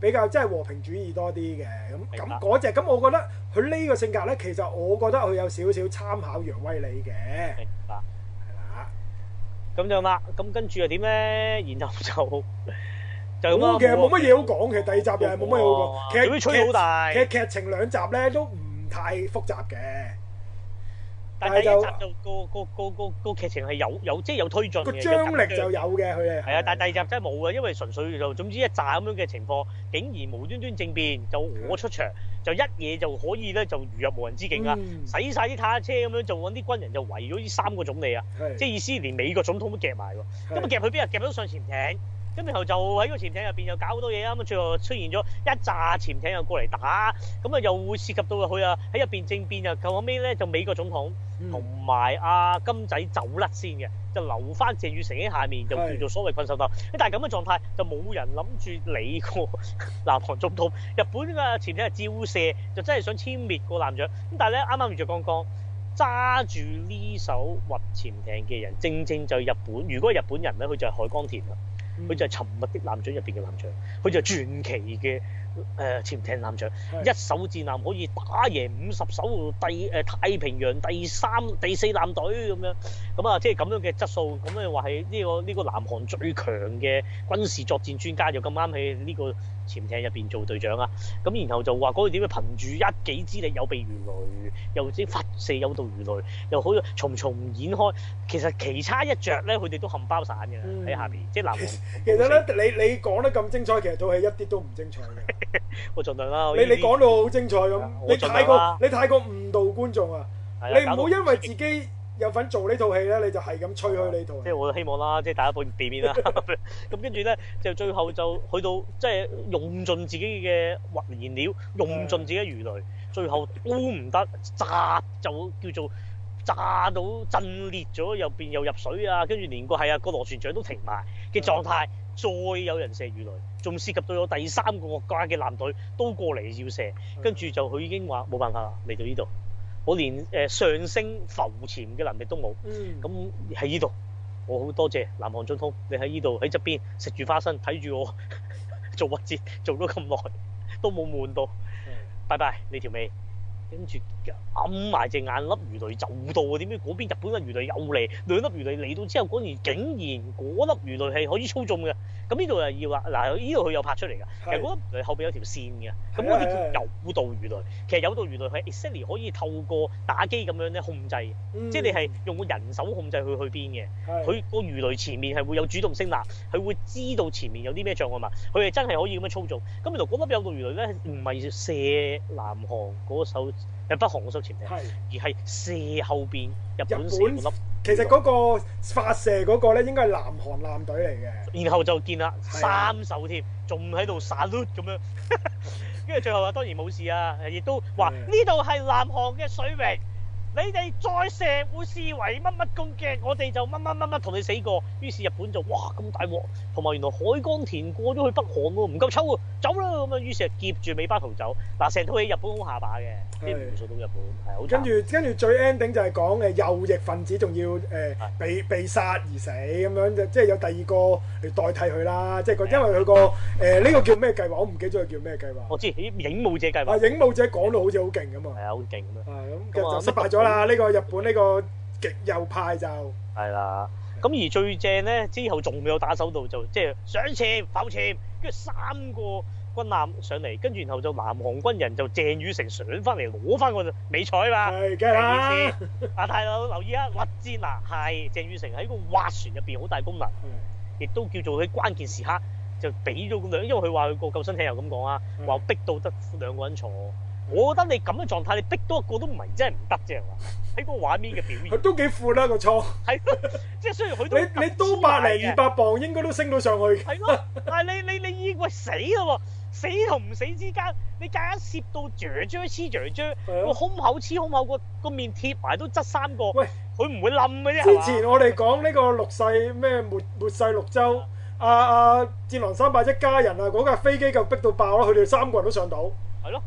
比較真係和平主義多啲嘅，咁咁嗰隻，咁我覺得佢呢個性格咧，其實我覺得佢有少少參考楊威利嘅。是咁就啦，咁跟住又點咧？然後就就咁咯。其實冇乜嘢好講，其實第二集又係冇乜嘢好講。其實啲吹好大。其實劇情兩集咧都唔太複雜嘅，但係第一集就個個個個個劇情係有有即係有推進嘅。張力就有嘅佢係。係啊，但係第二集真係冇嘅，因為純粹就總之一集咁樣嘅情況，竟然無端端政變就我出場。就一夜就可以咧，就如入無人之境啊、嗯、洗晒啲坦克車咁樣，就搵啲軍人就圍咗呢三個總理啊！是 即係意思，連美國總統都夾埋喎。咁啊，夾佢邊啊？夾到上潛艇。咁然後就喺個潛艇入面又搞好多嘢啊！咁最後出現咗一紮潛艇又過嚟打，咁啊又會涉及到佢啊喺入邊政變，又後尾咧就美國總統同埋阿金仔走甩先嘅，嗯、就留翻鄭雨盛喺下面，就叫是的 做所謂困獸鬥。但係咁嘅狀態就冇人諗住理個南韓總統。日本嘅潛艇係照射，就真係想殲滅個艦長。咁但係咧啱啱如著剛剛揸住呢艘核潛艇嘅人，正正就係日本。如果日本人咧，佢就係海江田佢就係沉默的艦長入邊嘅艦長，佢就係傳奇嘅。誒、呃、潛艇艦長是的 一手戰艦可以打贏五十艘第誒、呃、太平洋第三、第四艦隊咁樣，咁啊即係咁樣嘅質素，咁啊話係呢個呢、這個南韓最強嘅軍事作戰專家，就咁啱喺呢個潛艇入邊做隊長啊！咁然後就話嗰度點樣憑住一己之力，有避魚雷，又即發射有導魚雷，又好重重演開，其實其他一著咧，佢哋都冚唪唥嘅喺下邊，嗯、即係南韓。其實咧司，你你講得咁精彩，其實套戲一啲都唔精彩的。 *laughs* *laughs* 我盡量啦、啊。你你講到好精彩咁、啊，你太過你太過誤導觀眾啊！的你唔好因為自己有份做呢套戲咧，你就係咁吹去呢套戲。即係我希望啦，即係大家避避免啦。咁跟住咧，就最後就去到即係、就是、用盡自己嘅燃料，用盡自己魚雷，嗯、最後都唔得炸就叫做炸到震裂咗，又變又入水啊！跟住連個係啊個螺旋槳都停埋嘅狀態。嗯再有人射魚雷，仲涉及到有第三個國家嘅艦隊都過嚟要射，跟住、mm. 就佢已經話冇辦法啦，嚟到呢度，我連誒、呃、上升浮潛嘅能力都冇，咁喺呢度，我好多謝南韓總統，你喺呢度喺側邊食住花生睇住我呵呵做滑節做咗咁耐都冇悶到，拜拜、mm. 你條尾，跟住。暗埋隻眼，粒魚雷就到。點知嗰邊日本粒魚雷又嚟兩粒魚雷嚟到之後，嗰邊竟然嗰粒魚雷係可以操縱嘅。咁呢度又要話，嗱，呢度佢有拍出嚟嘅。是其實嗰粒魚雷後面有條線嘅，咁嗰啲叫有道魚雷。的其實有道魚雷係 exactly 可以透過打機咁樣咧控制，嗯、即係你係用個人手控制佢去邊嘅。佢的個魚雷前面係會有主動聲納，佢會知道前面有啲咩障礙物，佢係真係可以咁樣操縱。咁原來嗰粒有道魚雷咧，唔係射南韓嗰手。入北韓嘅潛艇，而係射後邊日本少粒本。其實嗰個發射嗰個咧，應該係南韓艦隊嚟嘅。然後就見啦的三手貼仲喺度 salute 咁樣，跟住 *laughs* 最後話當然冇事啊，亦都話呢度係南韓嘅水域。你哋再成會視為乜乜咁攻擊，我哋就乜乜乜乜同你死過。於是日本就哇咁大鑊，同埋原來海江田過咗去北韓咯，唔夠抽啊，走啦咁啊。於是就夾住尾巴逃走。嗱，成套戲日本好下巴嘅，啲元素都日本係好。跟住跟住最 ending 就係講右翼分子仲要誒被被殺而死咁樣，即係有第二個嚟代替佢啦。即係因為佢個誒呢個叫咩計劃，我唔記得咗佢叫咩計劃。我知影武者計劃。啊，影武者講到好似好勁咁嘛，係啊，好勁咁就失敗咗。好啦，呢、這個日本呢個極右派就係啦。咁而最正咧，之後仲未有打手度就即係上車否車，跟住三個軍艦上嚟，跟住然後就南韓軍人就鄭雨成上翻嚟攞翻個美彩嘛。係的、啊，梗係啦。阿大佬留意一下戰啊，核戰啊，係鄭雨成喺個滑船入邊好大功能，亦、嗯、都叫做喺關鍵時刻就俾咗兩，因為佢話佢個救生艇又咁講啊，話逼到得兩個人坐。我覺得你咁嘅狀態，你逼多個都唔係真係唔得啫。喺個畫面嘅表現，佢都幾闊啦個艙。係 *laughs* 即係雖然佢都你你都百零二百磅，應該都升到上去。係 *laughs* 咯，但係你你你以為死咯喎，死同唔死之間，你夾一攝到嚼嚼黐嚼嚼，個的胸口黐胸口個個面貼埋都側三個。三個，喂，佢唔會冧嘅啫。之前我哋講呢個綠世咩末末世綠洲，阿阿的、啊啊、戰狼三百一家人啊，嗰架飛機夠逼到爆咯，佢哋三個人都上到。係咯。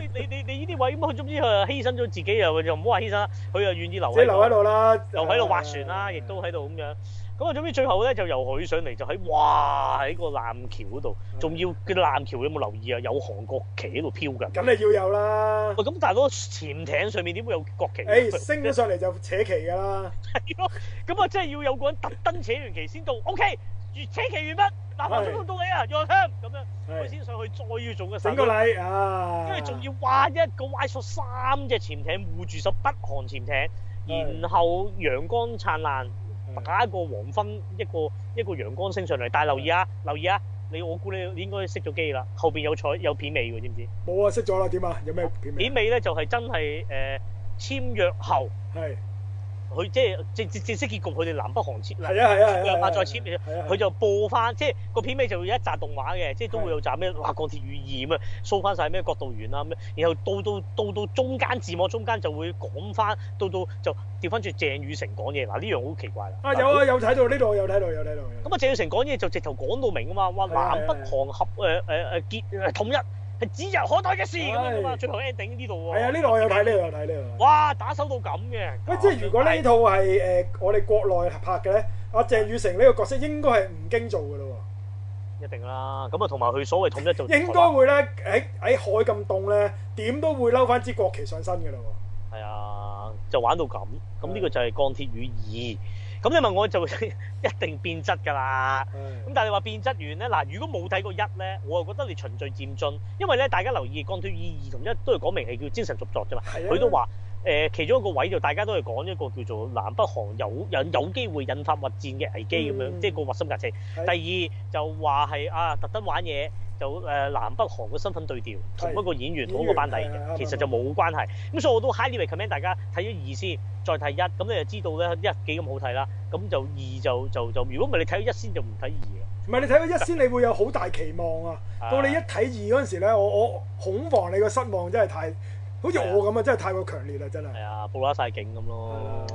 你你你呢啲位咁，佢總之佢，啊犧牲咗自己，又就唔好話犧牲佢，啊願意留喺留喺度啦，留喺度划船啦，亦、嗯、都喺度咁樣。咁啊，總之最後咧就由佢上嚟，就喺哇喺個艦橋嗰度，仲、嗯、要嘅艦橋有冇留意啊？有韓國旗喺度飄噶。咁你要有啦。喂，咁但係嗰潛艇上面點會有國旗呢？誒、欸，升咗上嚟就扯旗噶啦。係咯， *laughs* 咁啊，即係要有個人特登扯完旗先到。O、OK、K。越扯完越乜？嗱，我尊重到你啊，讓我聽咁樣，佢先的上去再要做嘅。整個禮啊，跟住仲要挖一個歪索，三隻潛艇護住艘北韓潛艇，的然後陽光燦爛，的打一個黃昏，一個一個陽光升上嚟。但係留意啊，的留意啊，你我估你應該熄咗機啦。後邊有彩有片尾嘅，知唔知？冇啊，熄咗啦，點啊？有咩片尾呢？片尾咧就係真係誒簽約後。係。佢即係正正式結局，佢哋南北韓簽，係啊係啊，兩下再簽，佢、啊啊啊啊啊啊、就播翻，即係個片尾就有會有一集動畫嘅，即係都會有集咩，哇，鋼鐵雨咁啊，掃翻晒咩角度員啦，咩，然後到到到到中間字幕中間就會講翻，到到就調翻住。鄭雨成講嘢，嗱呢樣好奇怪啦。啊有啊有睇到呢度有睇到有睇到。咁啊鄭雨成講嘢就直頭講到明啊嘛，哇南北韓合誒誒統一。係指日可待嘅事咁樣啊！是的最後 ending 呢度喎，係啊，呢度我有睇，呢度有睇，呢度有睇哇！打手到咁嘅，喂、啊，即係如果呢套係誒我哋國內係拍嘅咧，阿鄭雨盛呢個角色應該係吳京做嘅嘞喎。一定啦，咁啊同埋佢所謂統一做， *laughs* 應該會咧喺喺海咁凍咧，點都會嬲翻支國旗上身嘅嘞喎。係啊，就玩到咁，咁呢是的 個就係鋼鐵雨二。咁你問我就一定變質㗎啦，咁的但係你話變質完咧，嗱，如果冇睇過一咧，我又覺得你循序漸進，因為咧大家留意《鋼鐵雨二同一》都係講明係叫精神續作㗎嘛，佢的都話、呃、其中一個位就大家都係講一個叫做南北韓有引有機會引發核戰嘅危機咁樣，嗯、即係個核心價值。的第二就話係啊，特登玩嘢。就南北韓嘅身份對調，同一個演員同一個班底其實就冇關係。咁所以我都 highly recommend 大家睇咗二先，再睇一，咁你就知道咧一幾咁好睇啦。咁就二就就就，如果唔係你睇咗一先就唔睇二。唔係你睇咗一先，你會有好大期望啊！到你一睇二嗰陣時咧，我我恐防你個失望真係太，好似我咁啊，真係太過強烈啦，真係。係啊，暴露曬警咁咯。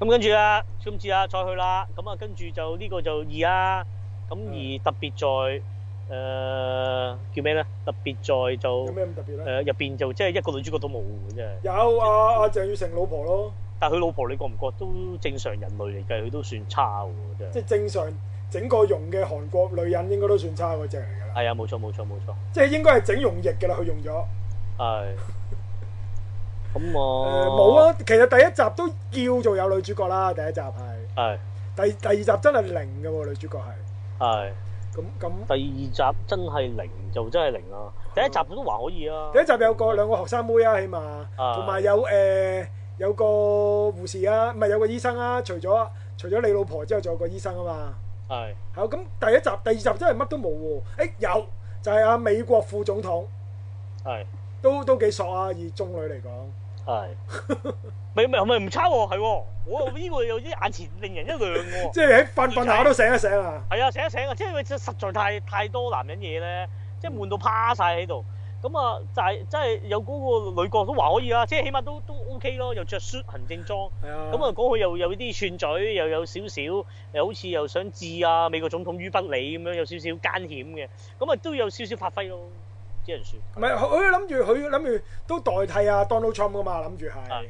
咁跟住啊，知唔知啊？再去啦。咁啊，跟住就呢個就二啊。咁二特別在。誒、呃，叫咩咧？特別在做有特別、呃、就有咩咁特別咧？誒，入邊就即係一個女主角都冇嘅，真係、啊。有阿阿鄭雨成老婆咯，但係佢老婆你覺唔覺都正常人類嚟計，佢都算差喎，真即係正常整個容嘅韓國女人應該都算差嗰隻嚟噶啦。係啊、哎，冇錯冇錯冇錯，錯錯即係應該係整容液嘅啦，佢用咗。係、哎。咁 *laughs* 我冇、呃、啊，其實第一集都叫做有女主角啦，第一集係。係、哎。第第二集真係零嘅喎，女主角係。係、哎。咁咁，第二集真係零就真係零啦。第一集都還可以啊。第一集有個兩個學生妹啊，起碼，同埋有誒有個護士啊，唔係有個醫生啊。除咗除咗你老婆之後，仲有個醫生啊嘛。係。好。咁，第一集第二集真係乜都冇喎。誒有就係阿美國副總統。係。都都幾索啊，以中女嚟講。係，咪咪咪唔差喎、啊，係喎、啊，我依個有啲眼前令人一亮喎、啊。即係你喺瞓瞓下都醒一醒啊！係啊，醒一醒啊！即係佢實在太太多男人嘢咧，即係悶到趴晒喺度。咁啊，就係即係有嗰個女角都話可以啊，即係起碼都都 OK 咯，又着行政裝。係 *laughs* 是啊那那。咁啊，講佢又有啲串嘴，又有少少，又好似又想治啊美國總統於不利咁樣，有少少奸險嘅，咁啊，都有少少發揮咯。啲人唔係，佢諗住佢諗住都代替阿 Donald Trump 㗎嘛，諗住係，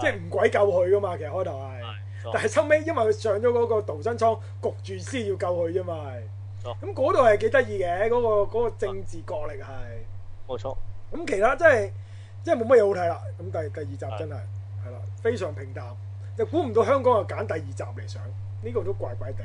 即係唔鬼救佢㗎嘛。其實開頭係，但係收尾因為佢上咗嗰個逃生艙，焗住先要救佢啫嘛。咁嗰度係幾得意嘅，嗰個嗰個政治角力係冇錯。咁其他真係真係冇乜嘢好睇啦。咁第第二集真係係啦，非常平淡。又估唔到香港又揀第二集嚟上，呢個都怪怪地。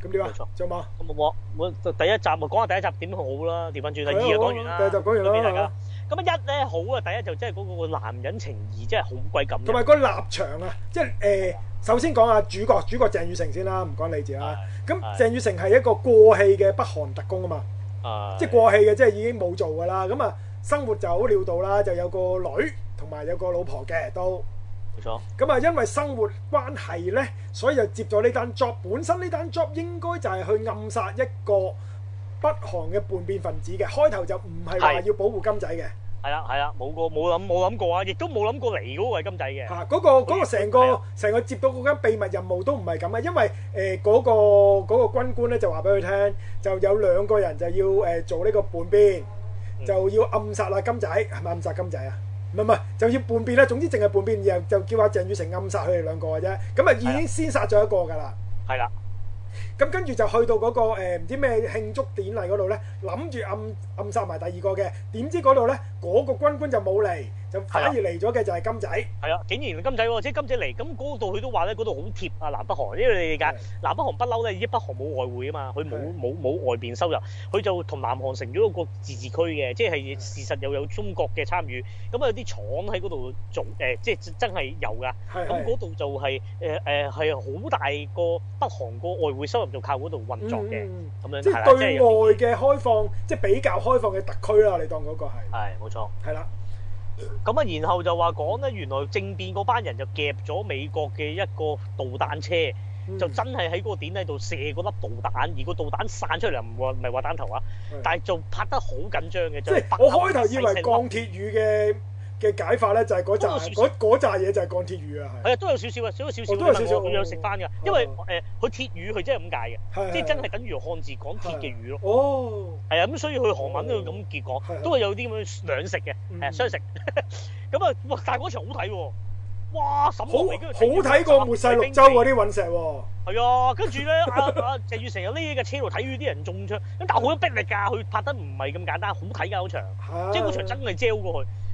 啊？冇錯，著碼。我我第一集咪講下第一集點好啦，《調翻轉》對第二又講完啦，第二集講完啦，俾大家。咁啊一咧好啊，第一集就真係嗰個男人情義真係好鬼感人。同埋個立場啊，即、就、係、是呃、的首先講下主角，主角鄭雨盛先啦，唔講理治啦。咁鄭雨盛係一個過氣嘅北韓特工啊嘛，的即係過氣嘅，即係已經冇做噶啦。咁啊，生活就好潦倒啦，就有個女同埋有，有個老婆嘅都。冇錯，咁啊，因為生活關係咧，所以就接咗呢單 job。本身呢單 job 應該就係去暗殺一個北韓嘅叛變分子嘅，開頭就唔係話要保護金仔嘅。係啦，係啦，冇過冇諗冇諗過啊，亦都冇諗過嚟嗰位金仔嘅。吓，嗰個嗰個成個成個接到嗰間秘密任務都唔係咁啊，因為誒嗰個嗰個軍官咧就話俾佢聽，就有兩個人就要誒做呢個叛變，就要暗殺啦金仔，係咪暗殺金仔啊？唔係唔係，就要叛變啦。總之淨係叛變，然後就叫阿鄭宇成暗殺佢哋兩個嘅啫。咁啊，已經先殺咗一個㗎啦。係啦，咁跟住就去到嗰個誒唔知咩慶祝典禮嗰度咧，諗住暗暗殺埋第二個嘅，點知嗰度咧嗰個軍官就冇嚟。反而嚟咗嘅就係金仔，係啊！竟然金仔，啊，即係金仔嚟咁嗰度，佢都話咧嗰度，好貼啊南北韓，因為你理解的南北韓不嬲咧，依啲北韓冇外匯啊嘛，佢冇冇冇外邊收入，佢就同南韓成咗一個自治區嘅，即係事實又有中國嘅參與。咁啊的，有啲廠喺嗰度做，呃、即係真係有噶。咁嗰度就係係好大個北韓個外匯收入就靠嗰度運作嘅咁，嗯、樣。即係對外嘅開放，即係比較開放嘅特區啦。你當嗰個係係冇錯，係啦。咁啊，然後就話講咧，原來政變嗰班人就夾咗美國嘅一個導彈車，嗯、就真係喺個點喺度射嗰粒導彈，而個導彈散出嚟唔話唔係話彈頭啊，嗯、但係就拍得好緊張嘅，即係然後我開頭以為鋼鐵雨嘅。嘅解法咧就係嗰扎，扎嘢就係鋼鐵魚啊，係。啊，都有少少啊，少少少少咁樣食翻嘅，因為誒佢鐵魚佢真係咁解嘅，即係真係等於用漢字講鐵嘅魚咯。哦。係啊，咁所以佢韓文都要咁結果，都係有啲咁樣兩食嘅，雙食。咁啊，但嗰場好睇喎，哇！沈鴻好睇過《末世綠洲》嗰啲隕石喎。係啊，跟住咧，阿鄭月成有呢架車度睇魚，啲人中槍，但係好多逼力㗎，佢拍得唔係咁簡單，好睇㗎嗰場，即係嗰場真係焦過去。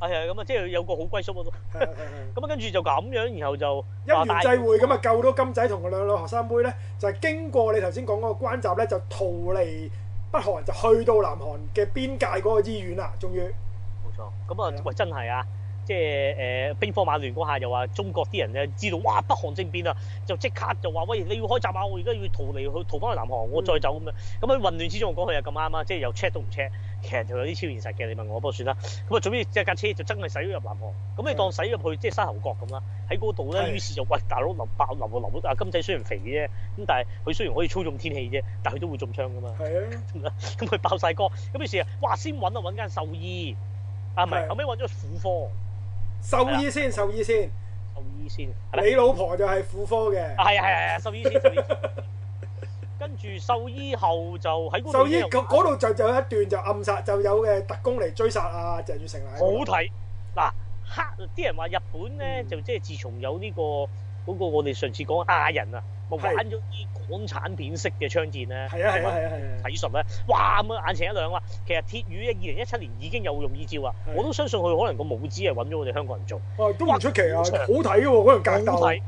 係啊，咁啊、哎，即係有個好歸宿咯。 *laughs* 咁啊，跟住就咁樣，然後就因緣際會咁啊，嗯、救到金仔同兩兩學生妹咧，就係、是、經過你頭先講嗰個關閘咧，就逃離北韓，就去到南韓嘅邊界嗰個醫院啦，終於。冇錯。咁的啊、就是呃，喂，真係啊，即係誒兵荒馬亂嗰下，又話中國啲人咧知道哇北韓政變啊，就即刻就話喂你要開閘啊！我而家要逃離去逃翻去南韓，我再走咁樣。咁喺、嗯、混亂之中我講佢又咁啱啊，即係又 check 都唔 check。其實就有啲超現實嘅，你問我不過算啦。咁啊，總之一架車就真係駛咗入南韓，咁你的當咗入去即係沙頭角咁啦。喺嗰度咧，是的於是就喂大佬臨爆流，流，大佬啊金仔雖然肥啫，咁但係佢雖然可以操縱天氣啫，但係佢都會中槍㗎嘛。係的、 *laughs* 嗯、啊，咁佢爆晒歌，咁於是啊，哇先揾啊揾間獸醫，啊唔係後尾揾咗婦科，獸醫先獸醫先，獸醫先。你老婆就係婦科嘅。係啊係啊係啊，獸醫先獸醫。跟住獸醫後就喺嗰個，度就就有一段就暗殺，就有嘅特工嚟追殺阿鄭月成啊！好睇嗱，黑啲人話日本咧就即係自從有呢個嗰個我哋上次講亞人啊，冇揀咗啲港產片式嘅槍戰咧，係啊係啊係啊係啊，睇十咧，哇咁啊眼前一亮啊！其實《鐵與》咧，二零一七年已經有用依照啊，我都相信佢可能個舞子係揾咗我哋香港人做，都唔出奇啊，好睇嘅喎，嗰樣格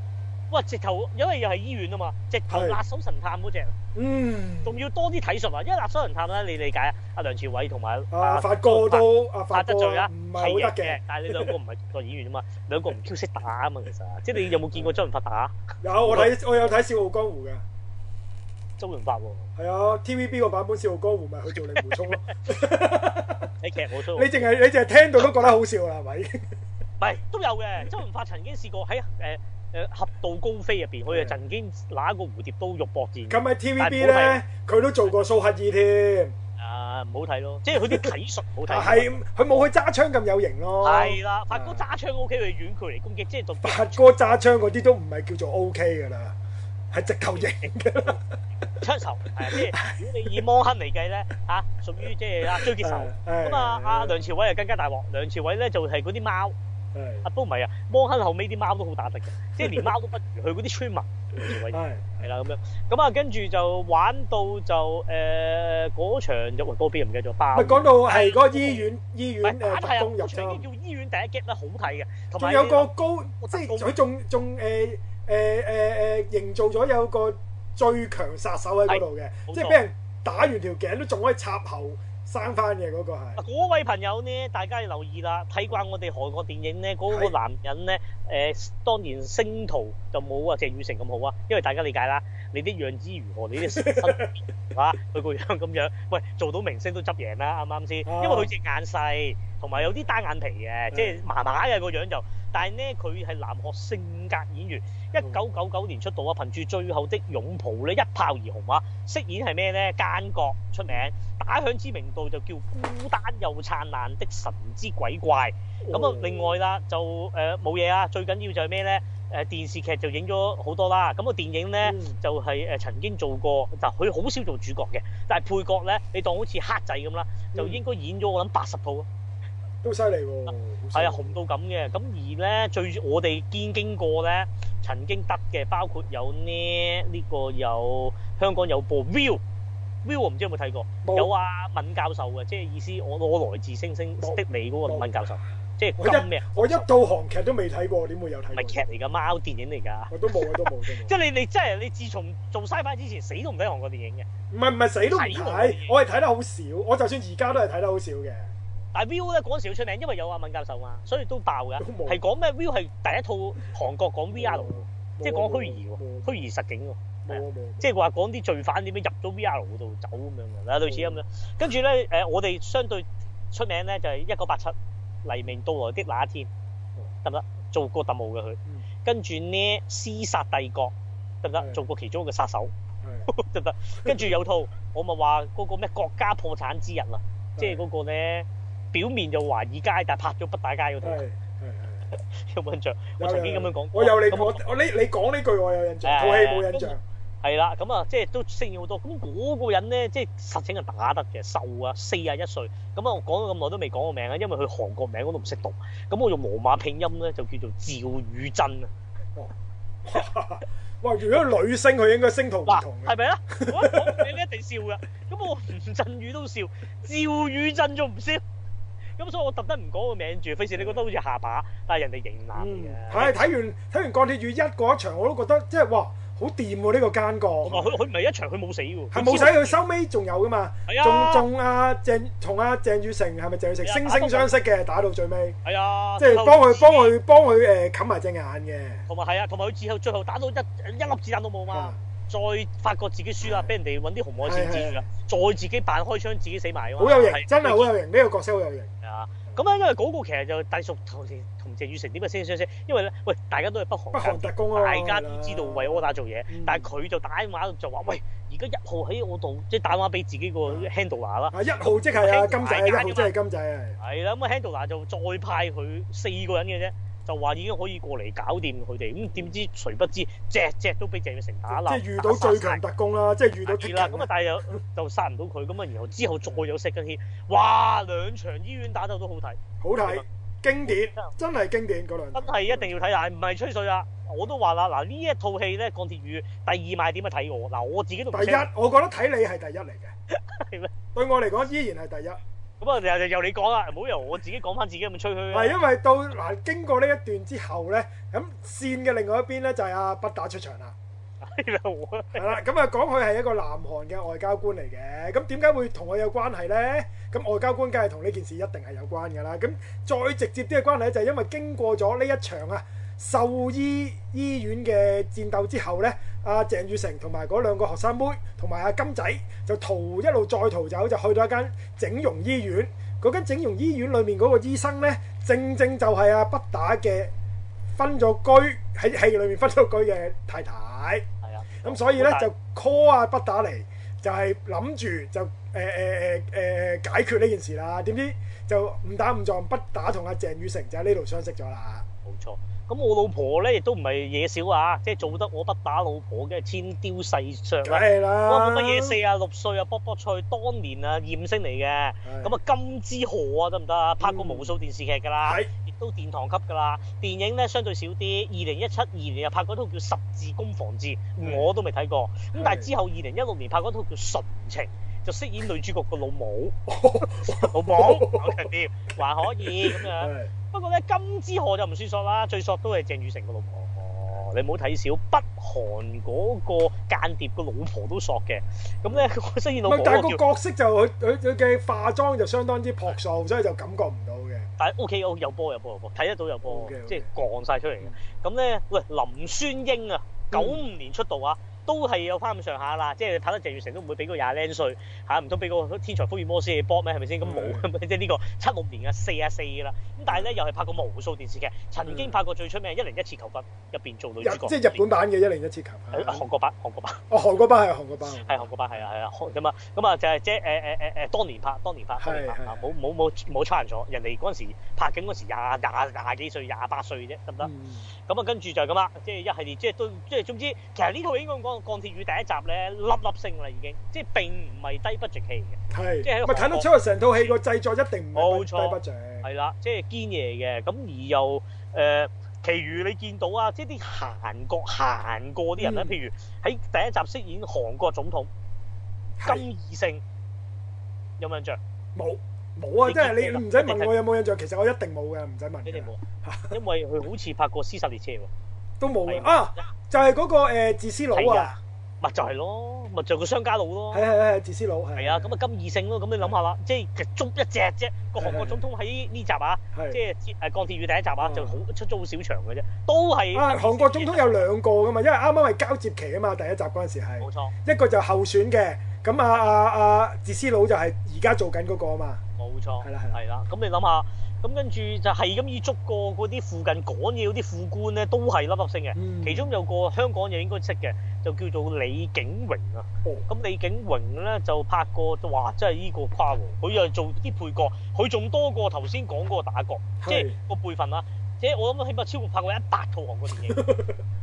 直頭，因為又係醫院啊嘛，直頭《辣手神探》嗰隻，嗯，仲要多啲睇術啊，因為《辣手神探》咧，你理解啊，阿梁朝偉同埋阿發哥都阿發得罪啊，唔係好得嘅，但係你兩個唔係個演員啊嘛，兩個唔 Q 識打啊嘛，其實，即係你有冇見過周潤發打？有，我睇我有睇《笑傲江湖》㗎，周潤發喎，係啊，TVB 個版本《笑傲江湖》咪去做令狐沖咯，啲劇冇出，你淨係你淨係聽到都覺得好笑啊？係咪？唔係都有嘅，周潤發曾經試過喺誒。合道高飛入面，佢就曾經拿一個蝴蝶刀肉搏戰。咁喺 TVB 咧，佢都做過蘇乞兒添。啊，唔好睇咯，即係佢啲體術唔好睇。係，佢冇去揸槍咁有型咯。係啦，發哥揸槍 O K，佢遠距離攻擊即係到。發哥揸槍嗰啲都唔係叫做 O K 噶啦，係直頭型嘅槍手，係即係如果你以摸黑嚟計咧，吓屬於即係阿追擊手。咁啊啊梁朝偉又更加大鑊，梁朝偉咧就係嗰啲貓。啊，都不唔係啊，摩肯後尾啲貓都好打得嘅， *laughs* 即係連貓都不如，佢嗰啲村民係啦咁樣。咁啊， *laughs* 跟住、嗯、就玩到就誒嗰、呃、場喎，嗰邊唔記得咗包。唔係講到係嗰個醫院，那個、醫院誒打叫醫院第一 gap 好睇嘅。仲有個高，即係佢仲仲營造咗有一個最強殺手喺嗰度嘅，即係俾人打完條頸都仲可以插喉。生翻嘅嗰個係嗰位朋友咧，大家要留意啦。睇慣我哋韓國電影咧，嗰、那個男人咧，誒、呃，當然星途就冇啊，鄭雨盛咁好啊。因為大家理解啦，你啲樣子如何，你啲實質係佢個樣咁樣，喂，做到明星都執贏啦，啱啱先？因為佢隻眼細，同埋有啲單眼皮嘅， *laughs* 即係麻麻嘅個樣就。但係咧，佢係南韓性格演員，一九九九年出道啊，憑住最後的擁抱咧一炮而紅啊！飾演係咩咧？奸角出名，打響知名度就叫孤單又燦爛的神之鬼怪。咁啊，哦、另外啦，就冇嘢啊，最緊要就係咩咧？誒電視劇就影咗好多啦。咁個電影咧、嗯、就係曾經做過，就佢好少做主角嘅，但係配角咧，你當好似黑仔咁啦，就應該演咗我諗八十套。好犀利喎！係啊，對紅到咁嘅。咁而咧，最我哋見經過咧，曾經得嘅包括有呢呢、呢個有香港有部《Will》，Will 唔知道有冇睇過？沒有啊，敏教授嘅，即係意思我我來自星星的你嗰個敏教授，即係金咩？我一套韓劇都未睇過，點會有睇過？唔係劇嚟㗎，貓電影嚟㗎。 *laughs* 我都冇，我都冇。都 *laughs* 即係你你即係你，你你自從做 Sci-Fi 之前，死都唔睇韓國電影嘅。唔係唔係，死都唔睇，我係睇得好少。我就算而家都係睇得好少嘅。但係 Viu 咧，嗰時好出名，因為有阿敏教授嘛，所以都爆嘅。係講咩 Viu 係第一套韓國講 V R 嘅，即係講虛擬喎，虛擬實境喎，即係話講啲罪犯點樣入咗 V R 嗰度走咁樣嘅，類似咁樣。跟住咧，誒，我哋相對出名咧就係一九八七黎明到來的那一天，得唔得？做過特務嘅佢，跟住呢，屍殺帝國得唔得？做過其中一個殺手，得唔得？跟住有套我咪話嗰個咩國家破產之日啊，即係嗰個咧。表面就華爾街，但係拍咗北大街嗰度。哎哎哎哎、 *laughs* 有冇印象？有我曾經咁樣講。我有你我我你你講呢句我有印象，套戲冇印象。係啦，咁啊、嗯，即係都認識認好多。咁、那、嗰個人咧，即係實情係打得嘅，瘦啊，四十一歲。咁啊，我講咗咁耐都未講個名啊，因為佢韓國名我都唔識讀。咁我用羅馬拼音咧就叫做趙宇鎮啊。哇、哦！ *laughs* 如果女星佢應該聲調唔同，係咪啊？你一,一定笑㗎。咁 *laughs* 我吳鎮宇都笑，趙宇鎮仲唔笑。咁所以，我特登唔講個名住，費事你覺得好似下巴，但係人哋型男嘅。係睇完睇完鋼鐵雨一嗰一場，我都覺得即係哇好掂喎呢個間個。哦，佢佢唔係一場佢冇死㗎。係冇死，佢收尾仲有㗎嘛。係啊，仲仲阿鄭同阿鄭雨盛係咪鄭雨盛？惺惺相惜嘅，打到最尾。係啊，即係幫佢幫佢幫佢誒冚埋隻眼嘅。同埋係啊，同埋佢最後最後打到一一粒子彈都冇嘛。再發覺自己輸啦，俾人哋揾啲紅外線照住啦，再自己扮開槍，自己死埋，好有型，真係好有型，呢個角色好有型。係啊，咁啊，因為嗰個其實就帶熟同同鄭雨盛點樣先先聲，因為咧，喂，大家都係北韓，北韓特工啊，大家要知道為柯打做嘢，但係佢就打電話就話喂，而家一號喺我度，即係打電話俾自己個 Handler 啦。啊，一號即係啊，金仔，一號即係金仔啊。係啦，咁啊，Handler 就再派佢四個人嘅啫。就話已經可以過嚟搞掂佢哋，咁點知誰不知隻隻都俾鄭雨盛打爛，即係遇到最強特工啦，了即係遇到啦，咁啊但係又就殺唔到佢咁啊，然後之後再有識嘅戲，哇兩場醫院打鬥都好睇，好睇看，吧經典，真係經典嗰 *laughs* 兩，真係一定要睇，下唔係吹水啦，啊，我都話啦，嗱呢一套戲咧，鋼鐵雨第二賣點係睇我，嗱我自己都第一，我覺得睇你係第一嚟嘅，是嗎對我嚟講依然係第一。咁啊，就就由你講啦，唔好由我自己講翻自己咁樣吹噓咧。係因為到嗱經過呢一段之後咧，咁線嘅另外一邊咧就係阿不打出場啦。係啦， *laughs* 係啦，咁啊講佢係一個南韓嘅外交官嚟嘅，咁點解會同我有關係咧？咁外交官梗係同呢件事一定係有關噶啦。咁再直接啲嘅關係咧就係因為經過咗呢一場啊。獸醫醫院嘅戰鬥之後呢，阿鄭雨成同埋嗰兩個學生妹同埋阿金仔就逃一路再逃走，就去到一間整容醫院。嗰間整容醫院裏面嗰個醫生呢，正正就係阿畢打嘅分咗居，喺戲裏面分咗居嘅太太。係啊，咁所以呢，大就 call 阿畢打嚟，就係諗住就誒誒誒解決呢件事啦。點知就誤打誤撞，畢打同阿鄭雨成就喺呢度相識咗啦。冇錯。咁我老婆咧亦都唔係嘢少啊，即係做得我不打老婆嘅千雕細琢啦。乜嘢四啊六、啊、歲啊，卜卜脆當年啊，艷星嚟嘅。咁啊的金之河啊得唔得啊？拍過無數電視劇噶啦，亦、嗯、都殿堂級噶啦。電影咧相對少啲。二零一七二年又拍嗰套叫《十字攻防戰》，嗯，我都未睇過。咁的但係之後二零一六年拍嗰套叫《純情》，就飾演女主角個老母，老母，好強啲，還可以咁樣 *laughs* 不過咧，金之河就唔算索啦，最索都係鄭雨盛個老婆。哦，你唔好睇小北韓嗰個間諜，個老婆都索嘅。咁咧，我先見到。但係個角色就佢佢嘅化妝就相當之樸素，所以就感覺唔到嘅。但係 O K O K，有波有波有波，睇得到有波即係、OK, OK 降晒出嚟嘅。咁咧、嗯，喂，林孫英啊，九五年出道啊。嗯都係有翻咁上下啦，即係拍得鄭雨盛都唔會俾個廿零歲嚇，唔通俾個天才福爾摩斯嘅波咩？係咪先？咁冇即係呢個七六年嘅四啊四啦。咁但係咧又係拍過無數電視劇，曾經拍過最出名的《一零一次求婚》入邊做女主角，嗯、即係日本版嘅《一零一次求婚》，韓國版，韓國版。 *laughs* 哦，韓國版係韓國版，係對韓國版係啊係啊，咁啊咁啊就係即係誒誒誒誒，當年拍當年拍，冇冇冇冇差人咗，人哋嗰陣時拍緊嗰時廿廿廿幾歲廿八歲啫，得唔得？咁啊跟住就咁啦，即係一系列即係都即係總之，其實呢套應該講講。鋼鐵雨第一集咧，粒粒聲啦已經，即係並唔係低預算嘅，是即係睇得出啊！成套戲個製作一定唔係低預算，係啦錯，即係堅嘢嘅。咁而又誒、呃，其餘你見到啊，即係啲韓國行過啲人咧，嗯、譬如喺第一集飾演韓國總統是金義聖，有冇印象？冇冇啊！即係你唔使問我有冇印象，其實我一定冇嘅，唔使問。一定冇， *laughs* 因為佢好似拍過《屍殺列車》喎。都冇啊！就係嗰個自私佬啊！咪就係咯，咪就個商家佬咯。係係係自私佬，係啊咁啊金二聖咯。咁你諗下啦，即係捉一隻啫。個韓國總統喺呢集啊，即係鐵鋼鐵雨第一集啊，就好出咗好少場嘅啫。都係啊，韓國總統有兩個噶嘛，因為啱啱係交接期啊嘛，第一集嗰陣時係。冇錯。一個就候選嘅，咁啊啊啊自私佬就係而家做緊嗰個啊嘛。冇錯。係啦係啦。係啦，咁你諗下。咁跟住就係咁依捉過嗰啲附近講嘢嗰啲副官咧，都係粒粒星嘅。嗯、其中有個香港人應該識嘅，就叫做李景榮啊。咁、哦、李景榮咧就拍過，哇！真係呢個誇誒，佢又做啲配角，佢仲多過頭先講嗰個打角，是 即係個輩份啦、啊。即我諗，起碼超過拍過一百套韓國電影，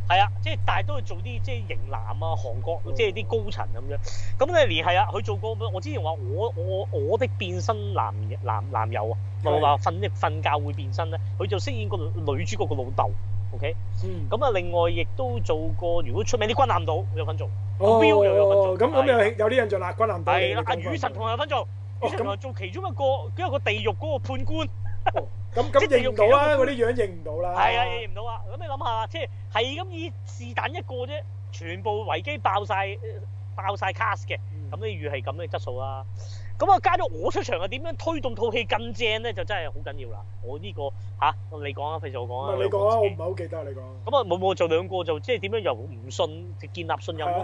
係啊！即係，但係都係做啲即係型男啊，韓國即係啲高層咁樣。咁你連係啊，佢做過，我之前話我我我的變身男男男友啊，咪話瞓瞓覺會變身咧，佢就飾演個女主角個老豆。OK，嗯，咁啊，另外亦都做過，如果出名啲《軍艦島》，有份做，哦，咁咁有有啲印象啦，《軍艦島》係啦，阿雨神同有份做，雨神做其中一個，一個地獄嗰個判官。咁咁認唔到啦，嗰啲的樣認唔到啦，係啊認唔到啊。咁你諗下即係係咁易是但一個啫，全部維基爆曬爆曬 cast 嘅，咁啲魚係咁嘅質素啦。咁啊，加咗我出場啊，點樣推動套戲更正咧？就真係好緊要啦！我呢、個嚇，你講啊，譬如我講啊，唔係你講啊，我唔係好記得啊，你講。咁啊，冇冇就兩個就即係點樣由唔信就建立信任咯，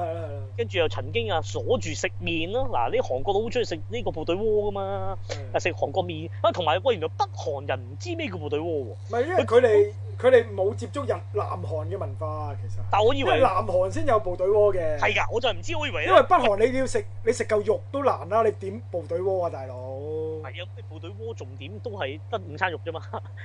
跟住、啊啊、又曾經啊鎖住食麵咯，嗱、啊、呢韓國佬好中意食呢個部隊鍋噶嘛，食的韓國麵，啊同埋喂原來北韓人唔知咩叫部隊鍋喎，唔係因為佢哋。我佢哋冇接觸日南韓嘅文化，其實，但我以為因為南韓先有部隊鍋嘅。係噶，我就唔知，我以為。因為北韓你要食，你食嚿肉都難啦，你點部隊鍋啊，大佬？係啊，部隊鍋重點都係得午餐肉啫嘛。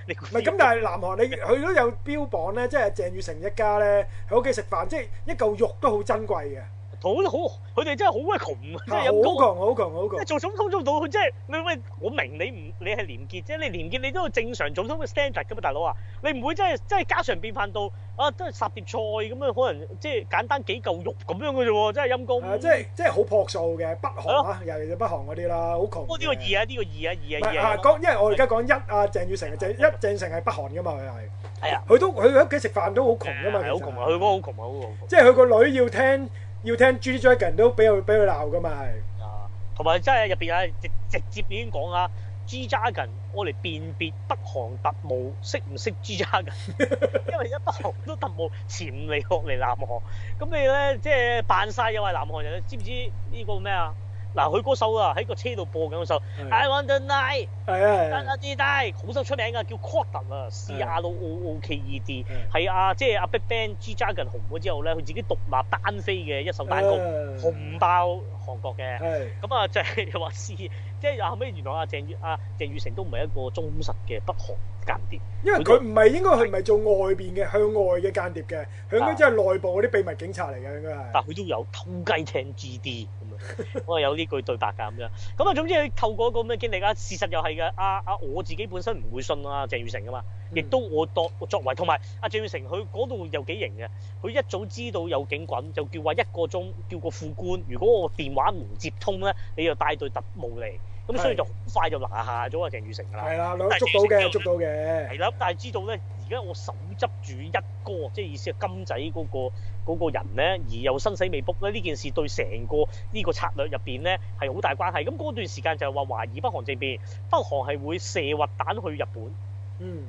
唔係咁，但係南韓你佢都有標榜咧，即係鄭雨盛一家咧喺屋企食飯，即係一嚿肉都好珍貴嘅。好好，佢哋真係好鬼窮，真係陰功。好窮，好窮，好窮。做總統做到佢真係，你咩？我明你唔，你係廉潔啫。你廉潔，你都正常總統嘅 standard 噶嘛，大佬啊。你唔會真係真係家常便飯到啊，都十碟菜咁樣，可能即係簡單幾嚿肉咁樣嘅啫喎，真係陰功。即係即係好朴素嘅北韓啊，尤其是北韓嗰啲啦，好窮。呢個二啊，呢個二啊，二啊，二。係講，因為我而家講一啊，鄭雨成啊，鄭一鄭成係北韓㗎嘛，佢係。係啊。佢都佢喺屋企食飯都好窮㗎嘛，其實。係好窮啊！佢好窮啊！好窮。即係佢個女要聽。要聽 G Dragon 都俾佢俾佢鬧㗎嘛係、啊，同埋真係入面啊直直接，直接已經講啊。G Dragon 我嚟辨別北韓特務識唔識 G Dragon。 *laughs* 因為而家北韓都特務潛嚟學嚟南韓，咁你咧即係扮晒又係南韓人，知唔知呢個咩啊？嗱，佢嗰首啊，喺個車度播緊嗰首《I Wonder Night》跟阿 G D 好出名嘅，叫 Crooked 啊，C R O O K E D，係啊，即係阿 Big Bang G Dragon 紅咗之後咧，佢自己獨立單飛嘅一首單曲，紅爆韓國嘅。咁啊，就係話是即係阿後尾原來阿鄭雨阿鄭雨盛都唔係一個忠實嘅北韓間諜，因為佢唔係應該係唔係做外邊嘅向外嘅間諜嘅，佢應該即係內部嗰啲秘密警察嚟嘅，應該係。但佢都有偷雞聽 G D。 *laughs* 我係有呢句對白噶咁樣，咁啊總之佢透過一個咁嘅經歷啊，事實又係嘅，阿、啊、阿我自己本身唔會信啊，鄭裕成噶嘛，亦都我作作為同埋阿鄭裕成，佢嗰度有幾型嘅，佢一早知道有警棍，就叫話一個鐘叫個副官，如果我電話唔接通咧，你就帶隊特務嚟。咁、嗯、所以就好快就拿下咗阿鄭雨盛噶啦。係啦的，但是捉到嘅，捉到嘅。係啦，但係知道咧，而家我手執住一哥，即係意思係金仔嗰個嗰個人咧，而又生死未卜咧，呢件事對成個呢個策略入面咧係好大關係。咁嗰段時間就係話，懷疑北韓政變，北韓係會射核彈去日本，嗯，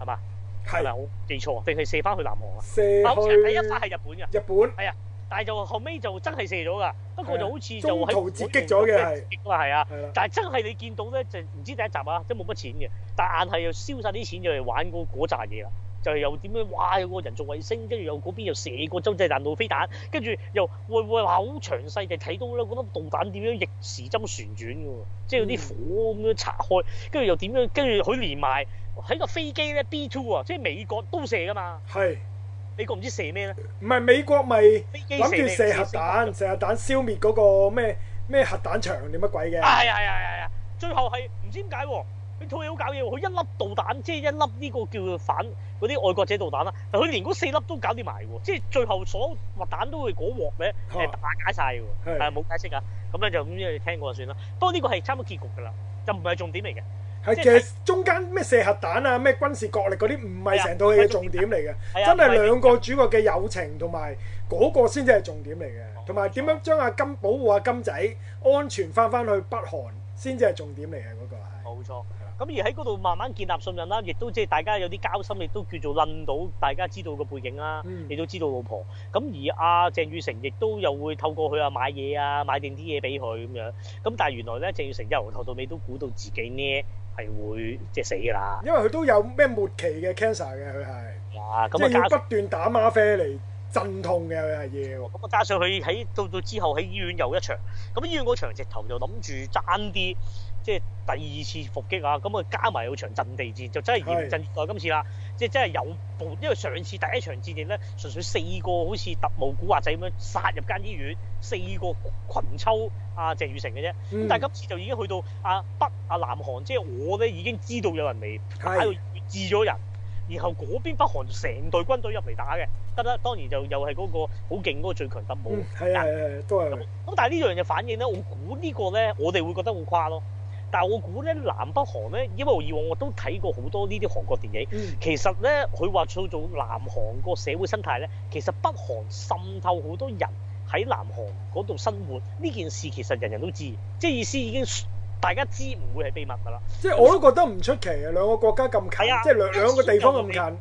係嘛？係啊，我記錯定係射翻去南韓啊？射去第一發係日本嘅。日本。係啊。但係就後尾就真係射咗噶，不過就好似就喺中途自激咗嘅，係啊。但係真係你見到咧，就唔知第一集啊，即係冇乜錢嘅。但係硬係又燒晒啲錢，就嚟玩嗰嗰扎嘢啦。就又點樣哇？有個人造衛星，跟住又嗰邊又射個洲際彈道飛彈，跟住又會會好詳細地睇到咧，嗰啲導彈點樣逆時針旋轉嘅，即係啲火咁樣拆開，跟住又點樣？跟住佢連埋喺個飛機咧，B two 啊，即係美國都射噶嘛。係。美國唔知射咩咧？唔係美國咪諗住射核彈？射核彈消滅嗰個咩咩核彈場你乜鬼嘅、啊？啊係係係係係，最後係唔知點解喎？佢套嘢好搞嘢喎！佢一粒導彈，即、就、係、是、一粒呢個叫反嗰啲愛國者導彈啦。但佢連嗰四粒都搞掂埋喎，即、就、係、是、最後所有核彈都會嗰鑊咧，係、啊、打解晒嘅喎。係冇的解釋㗎。咁你就咁樣聽過就算啦。不過呢個係差唔多結局㗎啦，就唔係重點嚟嘅。係，其實中間咩射核彈啊、咩軍事角力嗰啲唔係成套戲嘅重點嚟嘅，真係兩個主角嘅友情同埋嗰個先至係重點嚟嘅，同埋點樣將阿金保護阿金仔安全返返去北韓先至係重點嚟嘅嗰個係。冇錯，咁而喺嗰度慢慢建立信任啦，亦都即係大家有啲交心，亦都叫做諗到大家知道個背景啦，亦都知道老婆。咁而阿鄭雨盛亦都又會透過佢啊買嘢啊買定啲嘢俾佢咁樣，咁但係原來咧鄭雨盛由頭到尾都估到自己呢？係會即係、就是、死㗎啦，因為佢都有咩末期嘅 cancer 嘅佢係，即係要不斷打嗎啡嚟鎮痛嘅佢係嘢。咁、嗯嗯、加上佢喺到到之後喺醫院又一場，咁醫院嗰場直頭就諗住爭啲。即係第二次伏擊啊！咁佢加埋有場陣地戰，就真係嚴陣以待。今次啦，是 即係真係有部，因為上次第一場戰役咧，純粹四個好似特務古惑仔咁樣殺入間醫院，四個群秋阿鄭雨盛嘅啫。嗯、但係今次就已經去到阿北阿南韓，即係我咧已經知道有人嚟喺度治咗人，然後嗰邊北韓就成隊軍隊入嚟打嘅。得啦，當然就又係嗰個好勁嗰個最強特務。係啊、嗯，都係。咁但係呢樣嘢反應咧，我估呢個咧，我哋會覺得好誇咯。但係我估咧，南北韓咧，因為以往我都睇過好多呢啲韓國電影，嗯、其實咧佢話塑造南韓個社會生態咧，其實北韓滲透好多人喺南韓嗰度生活呢件事，其實人人都知，即係意思已經大家知唔會係秘密㗎啦。即係我都覺得唔出奇，兩個國家咁近，的即係兩兩個地方咁近。的